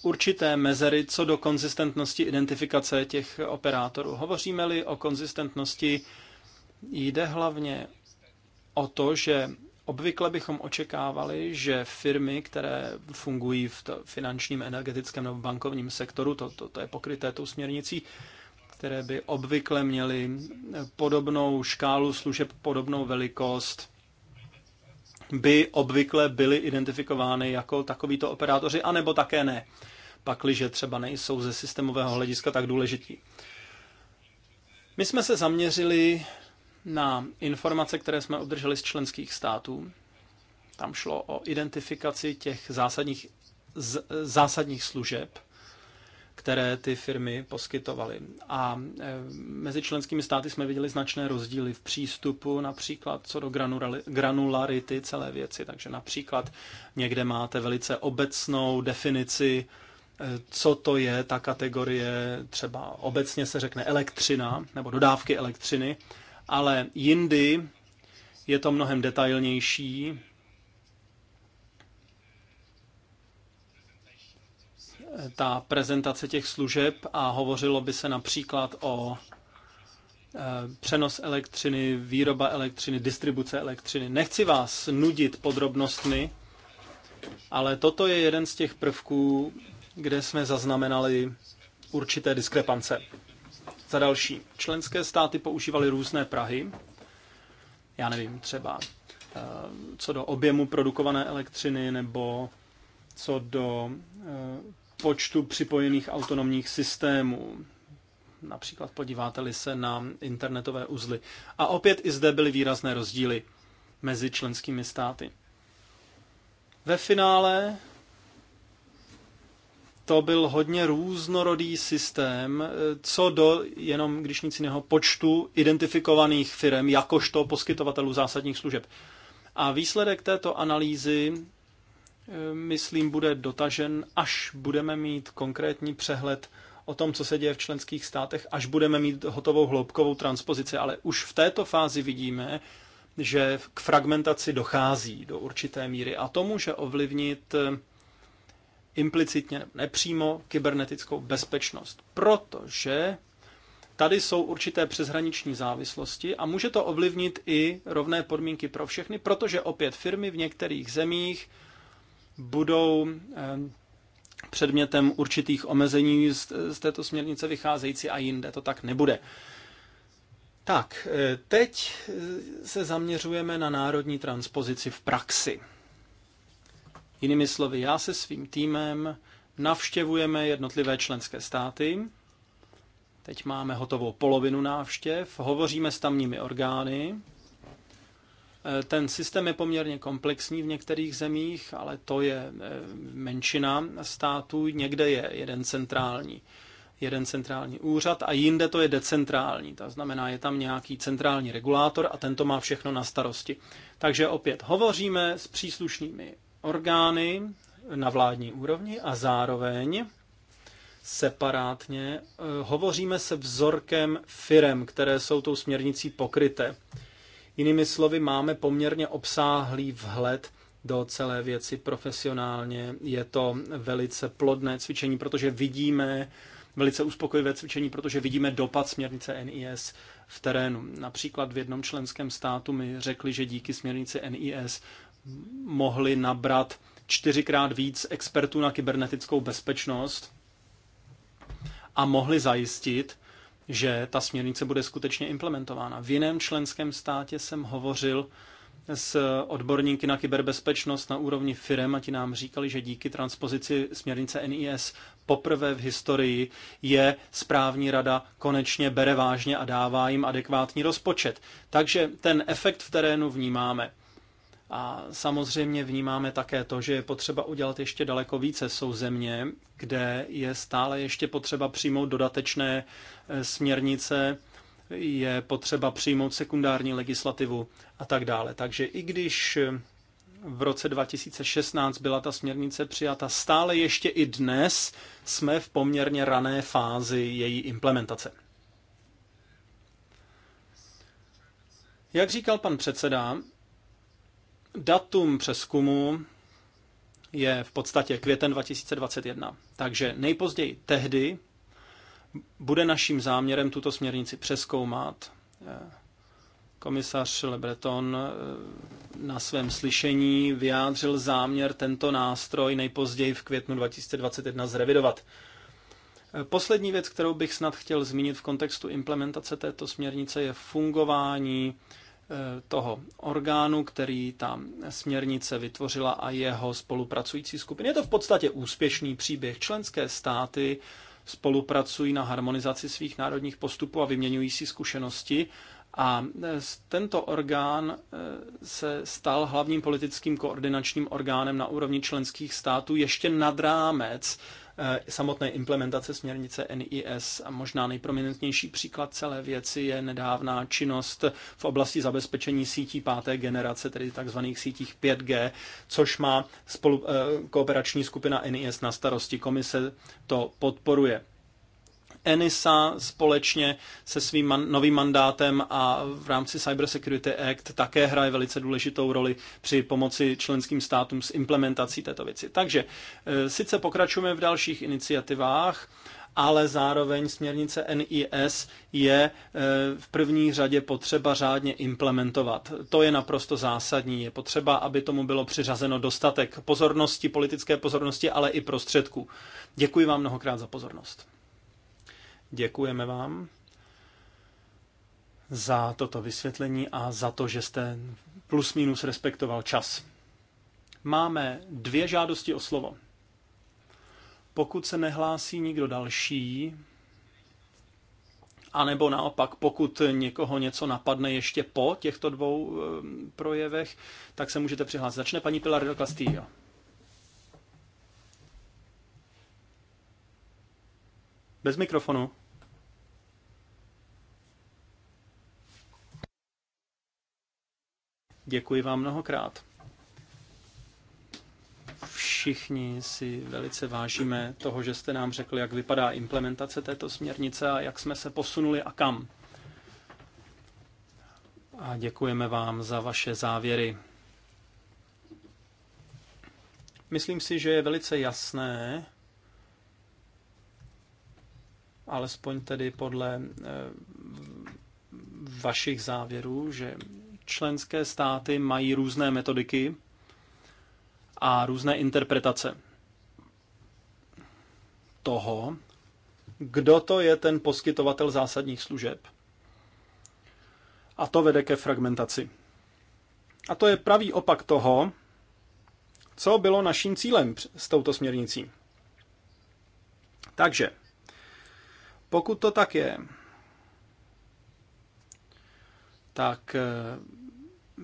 určité mezery co do konzistentnosti identifikace těch operátorů. Hovoříme-li o konzistentnosti, jde hlavně o to, že obvykle bychom očekávali, že firmy, které fungují v finančním, energetickém nebo bankovním sektoru, to, to, to je pokryté tou směrnicí, které by obvykle měly podobnou škálu služeb, podobnou velikost, by obvykle byly identifikovány jako takovýto operátoři, anebo také ne, pakliže třeba nejsou ze systémového hlediska tak důležití. My jsme se zaměřili na informace, které jsme obdrželi z členských států. Tam šlo o identifikaci těch zásadních, z, zásadních služeb, které ty firmy poskytovaly. A e, mezi členskými státy jsme viděli značné rozdíly v přístupu, například co do granularity celé věci. Takže například někde máte velice obecnou definici, e, co to je ta kategorie, třeba obecně se řekne elektřina nebo dodávky elektřiny, ale jindy je to mnohem detailnější, ta prezentace těch služeb a hovořilo by se například o eh, přenos elektřiny, výroba elektřiny, distribuce elektřiny. Nechci vás nudit podrobnostmi, ale toto je jeden z těch prvků, kde jsme zaznamenali určité diskrepance. Za další, členské státy používaly různé Prahy, já nevím, třeba eh, co do objemu produkované elektřiny nebo co do eh, počtu připojených autonomních systémů. Například podíváte-li se na internetové uzly. A opět i zde byly výrazné rozdíly mezi členskými státy. Ve finále to byl hodně různorodý systém, co do jenom, když nic jiného, počtu identifikovaných firm jakožto poskytovatelů zásadních služeb. A výsledek této analýzy myslím, bude dotažen, až budeme mít konkrétní přehled o tom, co se děje v členských státech, až budeme mít hotovou hloubkovou transpozici. Ale už v této fázi vidíme, že k fragmentaci dochází do určité míry a to může ovlivnit eh, implicitně nepřímo kybernetickou bezpečnost, protože tady jsou určité přeshraniční závislosti a může to ovlivnit i rovné podmínky pro všechny, protože opět firmy v některých zemích budou eh, předmětem určitých omezení z této směrnice vycházející a jinde to tak nebude. Tak, eh, teď eh, se zaměřujeme na národní transpozici v praxi. Jinými slovy, já se svým týmem navštěvujeme jednotlivé členské státy. Teď máme hotovou polovinu návštěv, hovoříme s tamními orgány, ten systém je poměrně komplexní v některých zemích, ale to je eh, menšina států. Někde je jeden centrální jeden centrální úřad a jinde to je decentrální. To znamená, je tam nějaký centrální regulátor a tento má všechno na starosti. Takže opět hovoříme s příslušnými orgány na vládní úrovni a zároveň separátně eh, hovoříme se vzorkem firem, které jsou tou směrnicí pokryté. Jinými slovy, máme poměrně obsáhlý vhled do celé věci profesionálně. Je to velice plodné cvičení, protože vidíme, velice uspokojivé cvičení, protože vidíme dopad směrnice NIS v terénu. Například v jednom členském státu mi řekli, že díky směrnici NIS mohli nabrat čtyřikrát víc expertů na kybernetickou bezpečnost a mohli zajistit, že ta směrnice bude skutečně implementována. V jiném členském státě jsem hovořil s odborníky na kyberbezpečnost na úrovni firem a ti nám říkali, že díky transpozici směrnice NIS poprvé v historii je správní rada konečně bere vážně a dává jim adekvátní rozpočet. Takže ten efekt v terénu vnímáme. A samozřejmě vnímáme také to, že je potřeba udělat ještě daleko více. Jsou země, kde je stále ještě potřeba přijmout dodatečné eh, směrnice, je potřeba přijmout sekundární legislativu a tak dále. Takže i když eh, v roce 2016 byla ta směrnice přijata, stále ještě i dnes jsme v poměrně rané fázi její implementace. Jak říkal pan předseda, Datum přeskumu je v podstatě květen 2021. Takže nejpozději tehdy bude naším záměrem tuto směrnici přeskoumat. Eh, komisař Lebreton eh, na svém slyšení vyjádřil záměr tento nástroj nejpozději v květnu 2021 zrevidovat. Eh, poslední věc, kterou bych snad chtěl zmínit v kontextu implementace této směrnice, je fungování Eh, toho orgánu, který ta směrnice vytvořila a jeho spolupracující skupiny. Je to v podstatě úspěšný příběh. Členské státy spolupracují na harmonizaci svých národních postupů a vyměňují si zkušenosti. A eh, tento orgán eh, se stal hlavním politickým koordinačním orgánem na úrovni členských států ještě nad rámec Eh, samotné implementace směrnice NIS. A možná nejprominentnější příklad celé věci je nedávná činnost v oblasti zabezpečení sítí páté generace, tedy tzv. sítích 5G, což má spolu, eh, kooperační skupina NIS na starosti. Komise to podporuje. ENISA společně se svým man- novým mandátem a v rámci Cyber Security Act také hraje velice důležitou roli při pomoci členským státům s implementací této věci. Takže eh, sice pokračujeme v dalších iniciativách, ale zároveň směrnice NIS je eh, v první řadě potřeba řádně implementovat. To je naprosto zásadní. Je potřeba, aby tomu bylo přiřazeno dostatek pozornosti, politické pozornosti, ale i prostředků. Děkuji vám mnohokrát za pozornost. Děkujeme vám za toto vysvětlení a za to, že jste plus minus respektoval čas. Máme dvě žádosti o slovo. Pokud se nehlásí nikdo další, anebo naopak, pokud někoho něco napadne ještě po těchto dvou eh, projevech, tak se můžete přihlásit. Začne paní Pilar del Castillo. Bez mikrofonu. Děkuji vám mnohokrát. Všichni si velice vážíme toho, že jste nám řekli, jak vypadá implementace této směrnice a jak jsme se posunuli a kam. A děkujeme vám za vaše závěry. Myslím si, že je velice jasné, alespoň tedy podle eh, vašich závěrů, že členské státy mají různé metodiky a různé interpretace toho, kdo to je ten poskytovatel zásadních služeb. A to vede ke fragmentaci. A to je pravý opak toho, co bylo naším cílem s touto směrnicí. Takže pokud to tak je, tak eh,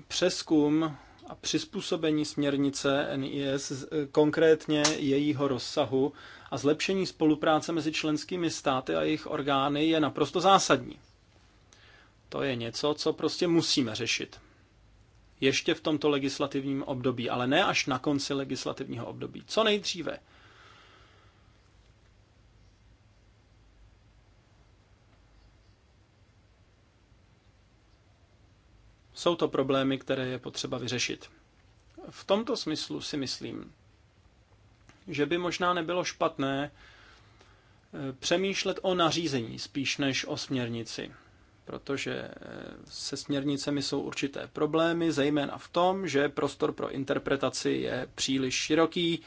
přeskum a přizpůsobení směrnice NIS, eh, konkrétně jejího rozsahu a zlepšení spolupráce mezi členskými státy a jejich orgány je naprosto zásadní. To je něco, co prostě musíme řešit. Ještě v tomto legislativním období, ale ne až na konci legislativního období. Co nejdříve. Jsou to problémy, které je potřeba vyřešit. V tomto smyslu si myslím, že by možná nebylo špatné eh, přemýšlet o nařízení spíš než o směrnici, protože eh, se směrnicemi jsou určité problémy, zejména v tom, že prostor pro interpretaci je příliš široký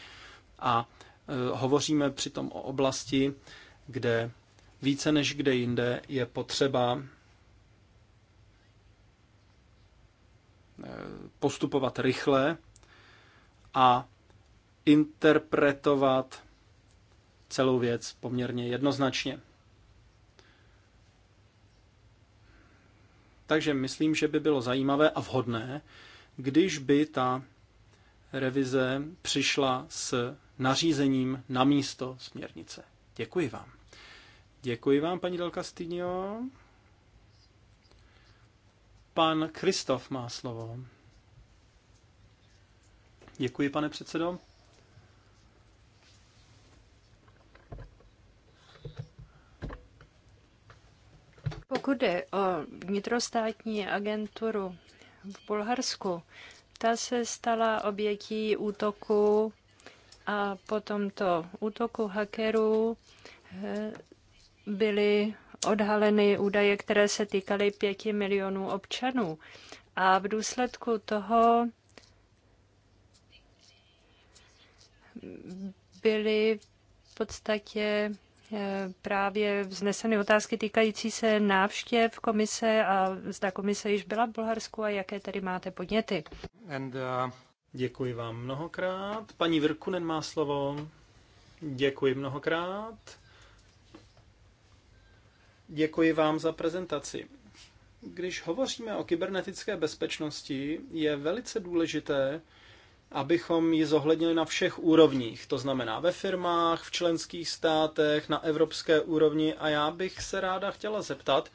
a eh, hovoříme přitom o oblasti, kde více než kde jinde je potřeba postupovat rychle a interpretovat celou věc poměrně jednoznačně. Takže myslím, že by bylo zajímavé a vhodné, když by ta revize přišla s nařízením na místo směrnice. Děkuji vám. Děkuji vám, paní Delka Stynio. Pan Kristof má slovo. Děkuji, pane předsedo. Pokud jde o vnitrostátní agenturu v Bulharsku, ta se stala obětí útoku a po tomto útoku hackerů eh, byly odhaleny údaje, které se týkaly pěti milionů občanů. A v důsledku toho byly v podstatě eh, právě vzneseny otázky týkající se návštěv komise a zda komise již byla v Bulharsku a jaké tedy máte podněty. And, uh, děkuji vám mnohokrát. Paní Virkunen má slovo. Děkuji mnohokrát. Děkuji vám za prezentaci. Když hovoříme o kybernetické bezpečnosti, je velice důležité, abychom ji zohlednili na všech úrovních, to znamená ve firmách, v členských státech, na evropské úrovni a já bych se ráda chtěla zeptat,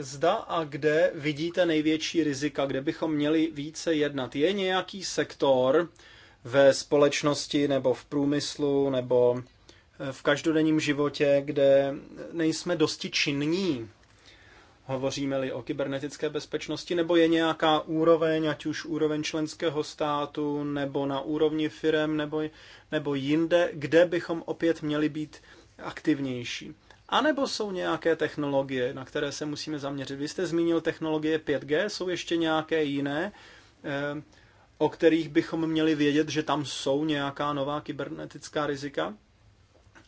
zda a kde vidíte největší rizika, kde bychom měli více jednat. Je nějaký sektor ve společnosti nebo v průmyslu nebo v každodenním životě, kde nejsme dosti činní, hovoříme-li o kybernetické bezpečnosti, nebo je nějaká úroveň, ať už úroveň členského státu, nebo na úrovni firem, nebo, nebo jinde, kde bychom opět měli být aktivnější. A nebo jsou nějaké technologie, na které se musíme zaměřit. Vy jste zmínil technologie 5G, jsou ještě nějaké jiné, eh, o kterých bychom měli vědět, že tam jsou nějaká nová kybernetická rizika?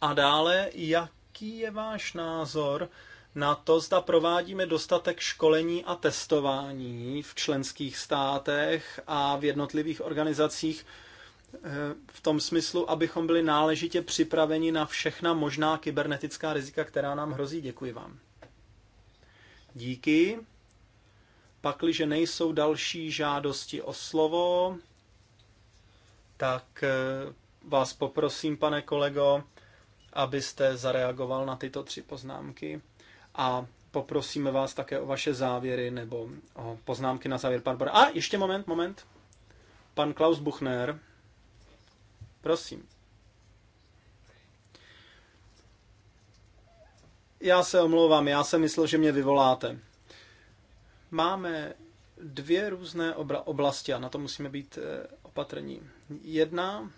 A dále, jaký je váš názor na to, zda provádíme dostatek školení a testování v členských státech a v jednotlivých organizacích eh, v tom smyslu, abychom byli náležitě připraveni na všechna možná kybernetická rizika, která nám hrozí. Děkuji vám. Díky. Pakliže nejsou další žádosti o slovo, tak eh, vás poprosím, pane kolego, abyste zareagoval na tyto tři poznámky a poprosíme vás také o vaše závěry nebo o poznámky na závěr. Barbara. A ještě moment, moment. Pan Klaus Buchner. Prosím. Já se omlouvám, já jsem myslel, že mě vyvoláte. Máme dvě různé oblasti a na to musíme být eh, opatrní. Jedna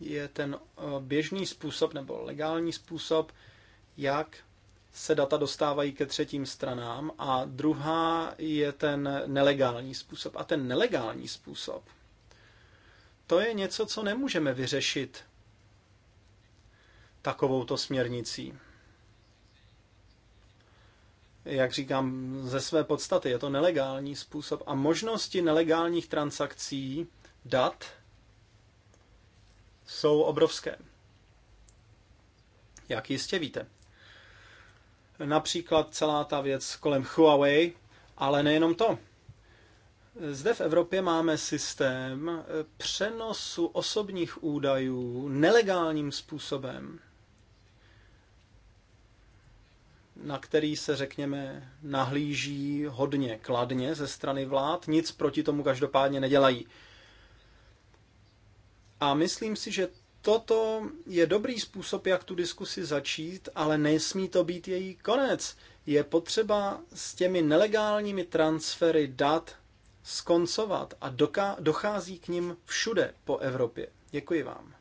je ten eh, běžný způsob nebo legální způsob, jak se data dostávají ke třetím stranám a druhá je ten nelegální způsob. A ten nelegální způsob, to je něco, co nemůžeme vyřešit takovouto směrnicí. Jak říkám, ze své podstaty je to nelegální způsob a možnosti nelegálních transakcí dat jsou obrovské. Jak jistě víte. Například celá ta věc kolem Huawei, ale nejenom to. Zde v Evropě máme systém přenosu osobních údajů nelegálním způsobem, na který se, řekněme, nahlíží hodně kladně ze strany vlád. Nic proti tomu každopádně nedělají. A myslím si, že toto je dobrý způsob, jak tu diskusi začít, ale nesmí to být její konec. Je potřeba s těmi nelegálními transfery dat skoncovat a dochází k ním všude po Evropě. Děkuji vám.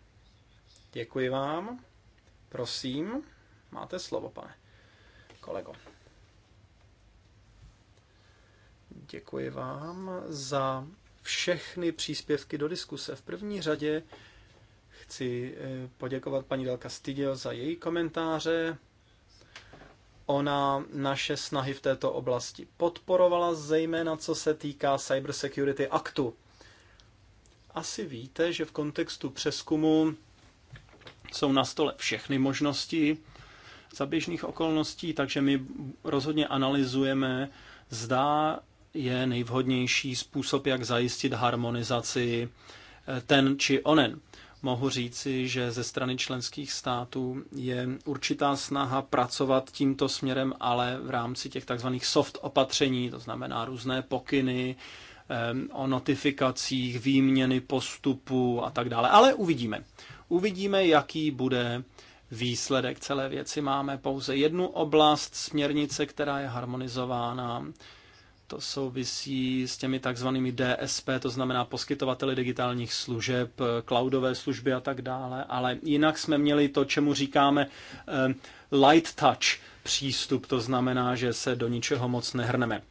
Děkuji vám. Prosím, máte slovo, pane kolego. Děkuji vám za všechny příspěvky do diskuse. V první řadě chci eh, poděkovat paní Delka Stidio za její komentáře. Ona naše snahy v této oblasti podporovala, zejména co se týká Cybersecurity Aktu. Asi víte, že v kontextu přeskumu jsou na stole všechny možnosti za běžných okolností, takže my rozhodně analyzujeme, zda je nejvhodnější způsob, jak zajistit harmonizaci eh, ten či onen. Mohu říci, že ze strany členských států je určitá snaha pracovat tímto směrem, ale v rámci těch takzvaných soft opatření, to znamená různé pokyny eh, o notifikacích, výměny postupu a tak dále. Ale uvidíme. Uvidíme, jaký bude výsledek celé věci. Máme pouze jednu oblast směrnice, která je harmonizována to souvisí s těmi takzvanými DSP, to znamená poskytovateli digitálních služeb, cloudové služby a tak dále, ale jinak jsme měli to, čemu říkáme eh, light touch přístup, to znamená, že se do ničeho moc nehrneme.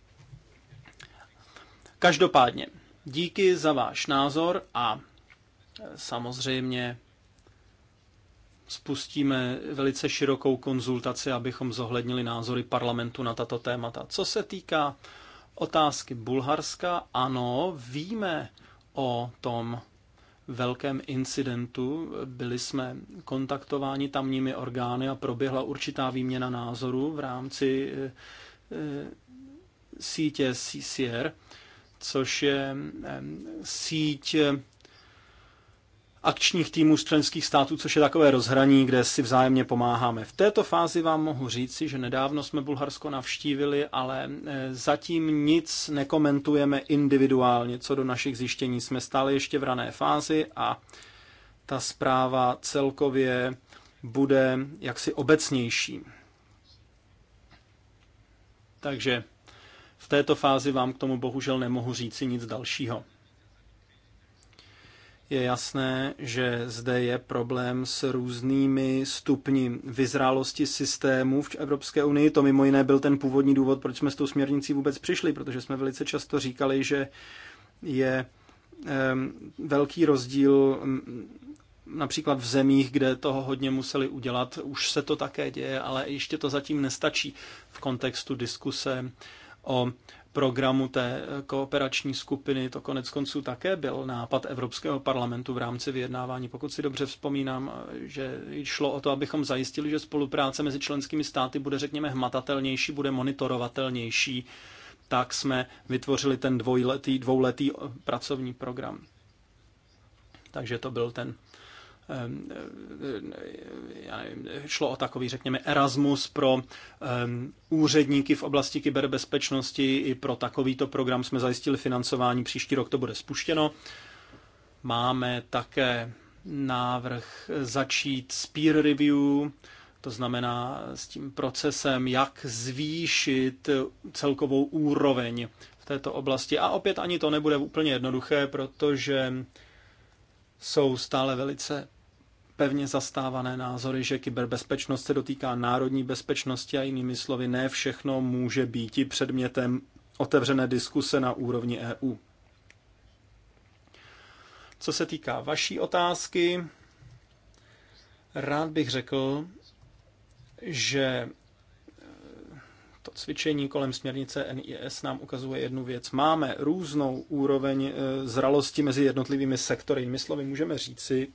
Každopádně, díky za váš názor a eh, samozřejmě spustíme velice širokou konzultaci, abychom zohlednili názory parlamentu na tato témata. Co se týká otázky Bulharska, ano, víme o tom velkém incidentu. Byli jsme kontaktováni tamními orgány a proběhla určitá výměna názorů v rámci eh, eh, sítě CCR, což je eh, síť akčních týmů z členských států, což je takové rozhraní, kde si vzájemně pomáháme. V této fázi vám mohu říci, že nedávno jsme Bulharsko navštívili, ale eh, zatím nic nekomentujeme individuálně. Co do našich zjištění jsme stále ještě v rané fázi a ta zpráva celkově bude jaksi obecnější. Takže v této fázi vám k tomu bohužel nemohu říci nic dalšího je jasné, že zde je problém s různými stupni vyzrálosti systémů v Evropské unii. To mimo jiné byl ten původní důvod, proč jsme s tou směrnicí vůbec přišli, protože jsme velice často říkali, že je velký rozdíl například v zemích, kde toho hodně museli udělat. Už se to také děje, ale ještě to zatím nestačí v kontextu diskuse o programu té eh, kooperační skupiny. To konec konců také byl nápad Evropského parlamentu v rámci vyjednávání. Pokud si dobře vzpomínám, eh, že šlo o to, abychom zajistili, že spolupráce mezi členskými státy bude, řekněme, hmatatelnější, bude monitorovatelnější, tak jsme vytvořili ten dvouletý dvouletý eh, pracovní program. Takže to byl ten Ehm, já nevím, šlo o takový, řekněme, Erasmus pro ehm, úředníky v oblasti kyberbezpečnosti. I pro takovýto program jsme zajistili financování. Příští rok to bude spuštěno. Máme také návrh začít s peer review, to znamená s tím procesem, jak zvýšit celkovou úroveň v této oblasti. A opět ani to nebude úplně jednoduché, protože jsou stále velice pevně zastávané názory, že kyberbezpečnost se dotýká národní bezpečnosti a jinými slovy ne všechno může být předmětem otevřené diskuse na úrovni EU. Co se týká vaší otázky, rád bych řekl, že to cvičení kolem směrnice NIS nám ukazuje jednu věc. Máme různou úroveň eh, zralosti mezi jednotlivými sektory. My slovy můžeme říci,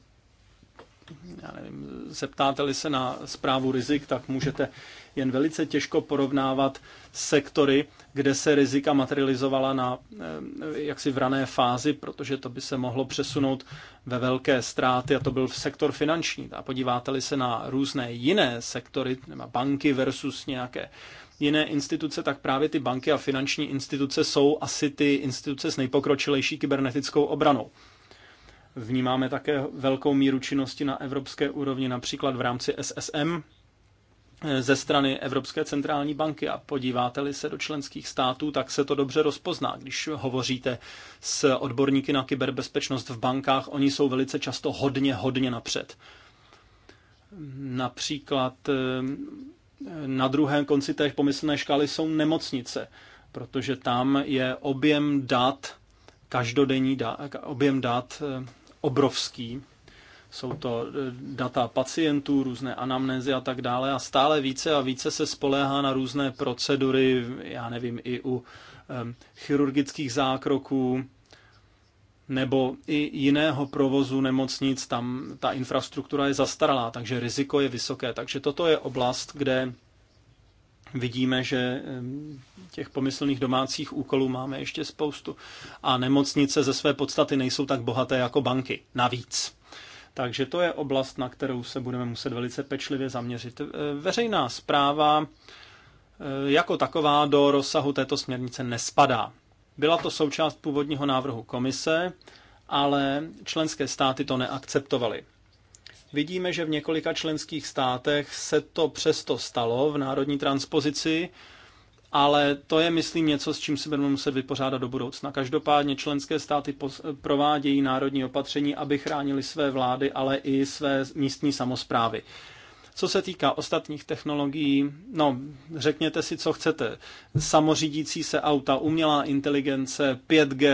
já nevím, zeptáte-li se na zprávu rizik, tak můžete jen velice těžko porovnávat sektory, kde se rizika materializovala na eh, jaksi v rané fázi, protože to by se mohlo přesunout ve velké ztráty a to byl sektor finanční. A podíváte-li se na různé jiné sektory, nebo banky versus nějaké jiné instituce, tak právě ty banky a finanční instituce jsou asi ty instituce s nejpokročilejší kybernetickou obranou. Vnímáme také velkou míru činnosti na evropské úrovni, například v rámci SSM eh, ze strany Evropské centrální banky a podíváte-li se do členských států, tak se to dobře rozpozná. Když hovoříte s odborníky na kyberbezpečnost v bankách, oni jsou velice často hodně, hodně napřed. Například eh, na druhém konci té pomyslné škály jsou nemocnice, protože tam je objem dat, každodenní dat, objem dat eh, obrovský. Jsou to e, data pacientů, různé anamnézy a tak dále a stále více a více se spoléhá na různé procedury, já nevím, i u chirurgických zákroků, nebo i jiného provozu nemocnic, tam ta infrastruktura je zastaralá, takže riziko je vysoké. Takže toto je oblast, kde vidíme, že těch pomyslných domácích úkolů máme ještě spoustu. A nemocnice ze své podstaty nejsou tak bohaté jako banky. Navíc. Takže to je oblast, na kterou se budeme muset velice pečlivě zaměřit. E, veřejná zpráva e, jako taková do rozsahu této směrnice nespadá. Byla to součást původního návrhu komise, ale členské státy to neakceptovaly. Vidíme, že v několika členských státech se to přesto stalo v národní transpozici, ale to je, myslím, něco, s čím se budeme muset vypořádat do budoucna. Každopádně členské státy provádějí národní opatření, aby chránili své vlády, ale i své místní samozprávy. Co se týká ostatních technologií, no, řekněte si, co chcete. Samořídící se auta, umělá inteligence, 5G,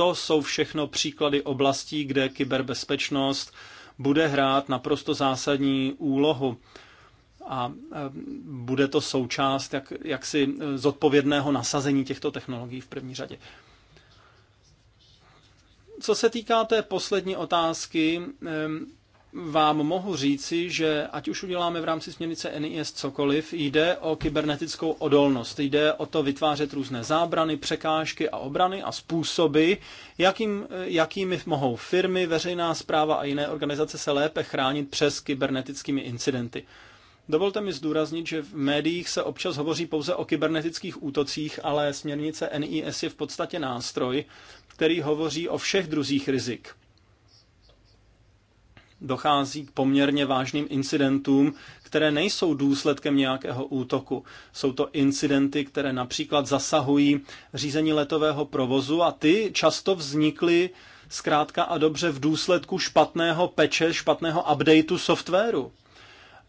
to jsou všechno příklady oblastí, kde kyberbezpečnost bude hrát naprosto zásadní úlohu a e, bude to součást jak, jaksi e, zodpovědného nasazení těchto technologií v první řadě. Co se týká té poslední otázky, e, vám mohu říci, že ať už uděláme v rámci směrnice NIS cokoliv, jde o kybernetickou odolnost. Jde o to vytvářet různé zábrany, překážky a obrany a způsoby, jakým, jakými mohou firmy, veřejná zpráva a jiné organizace se lépe chránit přes kybernetickými incidenty. Dovolte mi zdůraznit, že v médiích se občas hovoří pouze o kybernetických útocích, ale směrnice NIS je v podstatě nástroj, který hovoří o všech druzích rizik dochází k poměrně vážným incidentům, které nejsou důsledkem nějakého útoku. Jsou to incidenty, které například zasahují řízení letového provozu a ty často vznikly zkrátka a dobře v důsledku špatného peče, špatného updateu softwaru.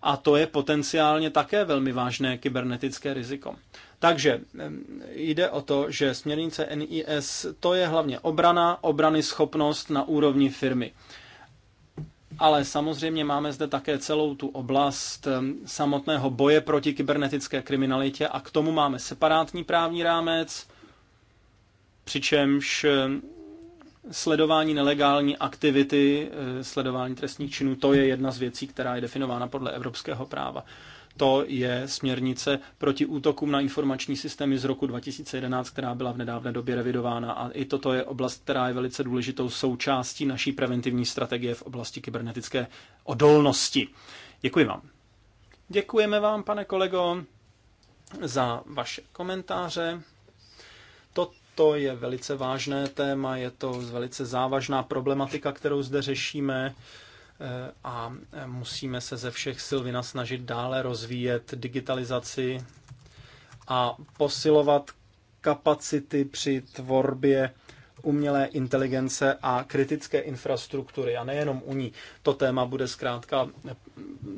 A to je potenciálně také velmi vážné kybernetické riziko. Takže jde o to, že směrnice NIS to je hlavně obrana, obrany schopnost na úrovni firmy. Ale samozřejmě máme zde také celou tu oblast samotného boje proti kybernetické kriminalitě a k tomu máme separátní právní rámec, přičemž sledování nelegální aktivity, e, sledování trestních činů, to je jedna z věcí, která je definována podle evropského práva to je směrnice proti útokům na informační systémy z roku 2011, která byla v nedávné době revidována a i toto je oblast, která je velice důležitou součástí naší preventivní strategie v oblasti kybernetické odolnosti. Děkuji vám. Děkujeme vám, pane kolego, za vaše komentáře. Toto je velice vážné téma, je to velice závažná problematika, kterou zde řešíme. Eh, a eh, musíme se ze všech sil vynasnažit dále rozvíjet digitalizaci a posilovat kapacity při tvorbě umělé inteligence a kritické infrastruktury a nejenom u ní. To téma bude zkrátka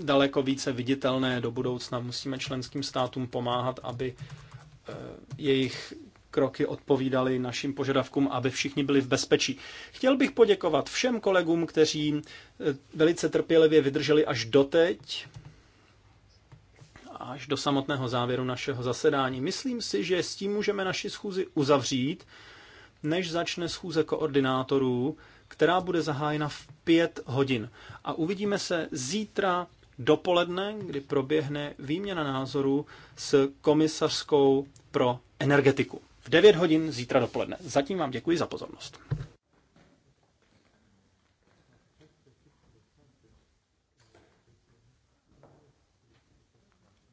daleko více viditelné do budoucna. Musíme členským státům pomáhat, aby eh, jejich kroky odpovídaly našim požadavkům, aby všichni byli v bezpečí. Chtěl bych poděkovat všem kolegům, kteří eh, velice trpělivě vydrželi až doteď, až do samotného závěru našeho zasedání. Myslím si, že s tím můžeme naši schůzi uzavřít, než začne schůze koordinátorů, která bude zahájena v pět hodin. A uvidíme se zítra dopoledne, kdy proběhne výměna názorů s komisařskou pro energetiku v 9 hodin zítra dopoledne. Zatím vám děkuji za pozornost.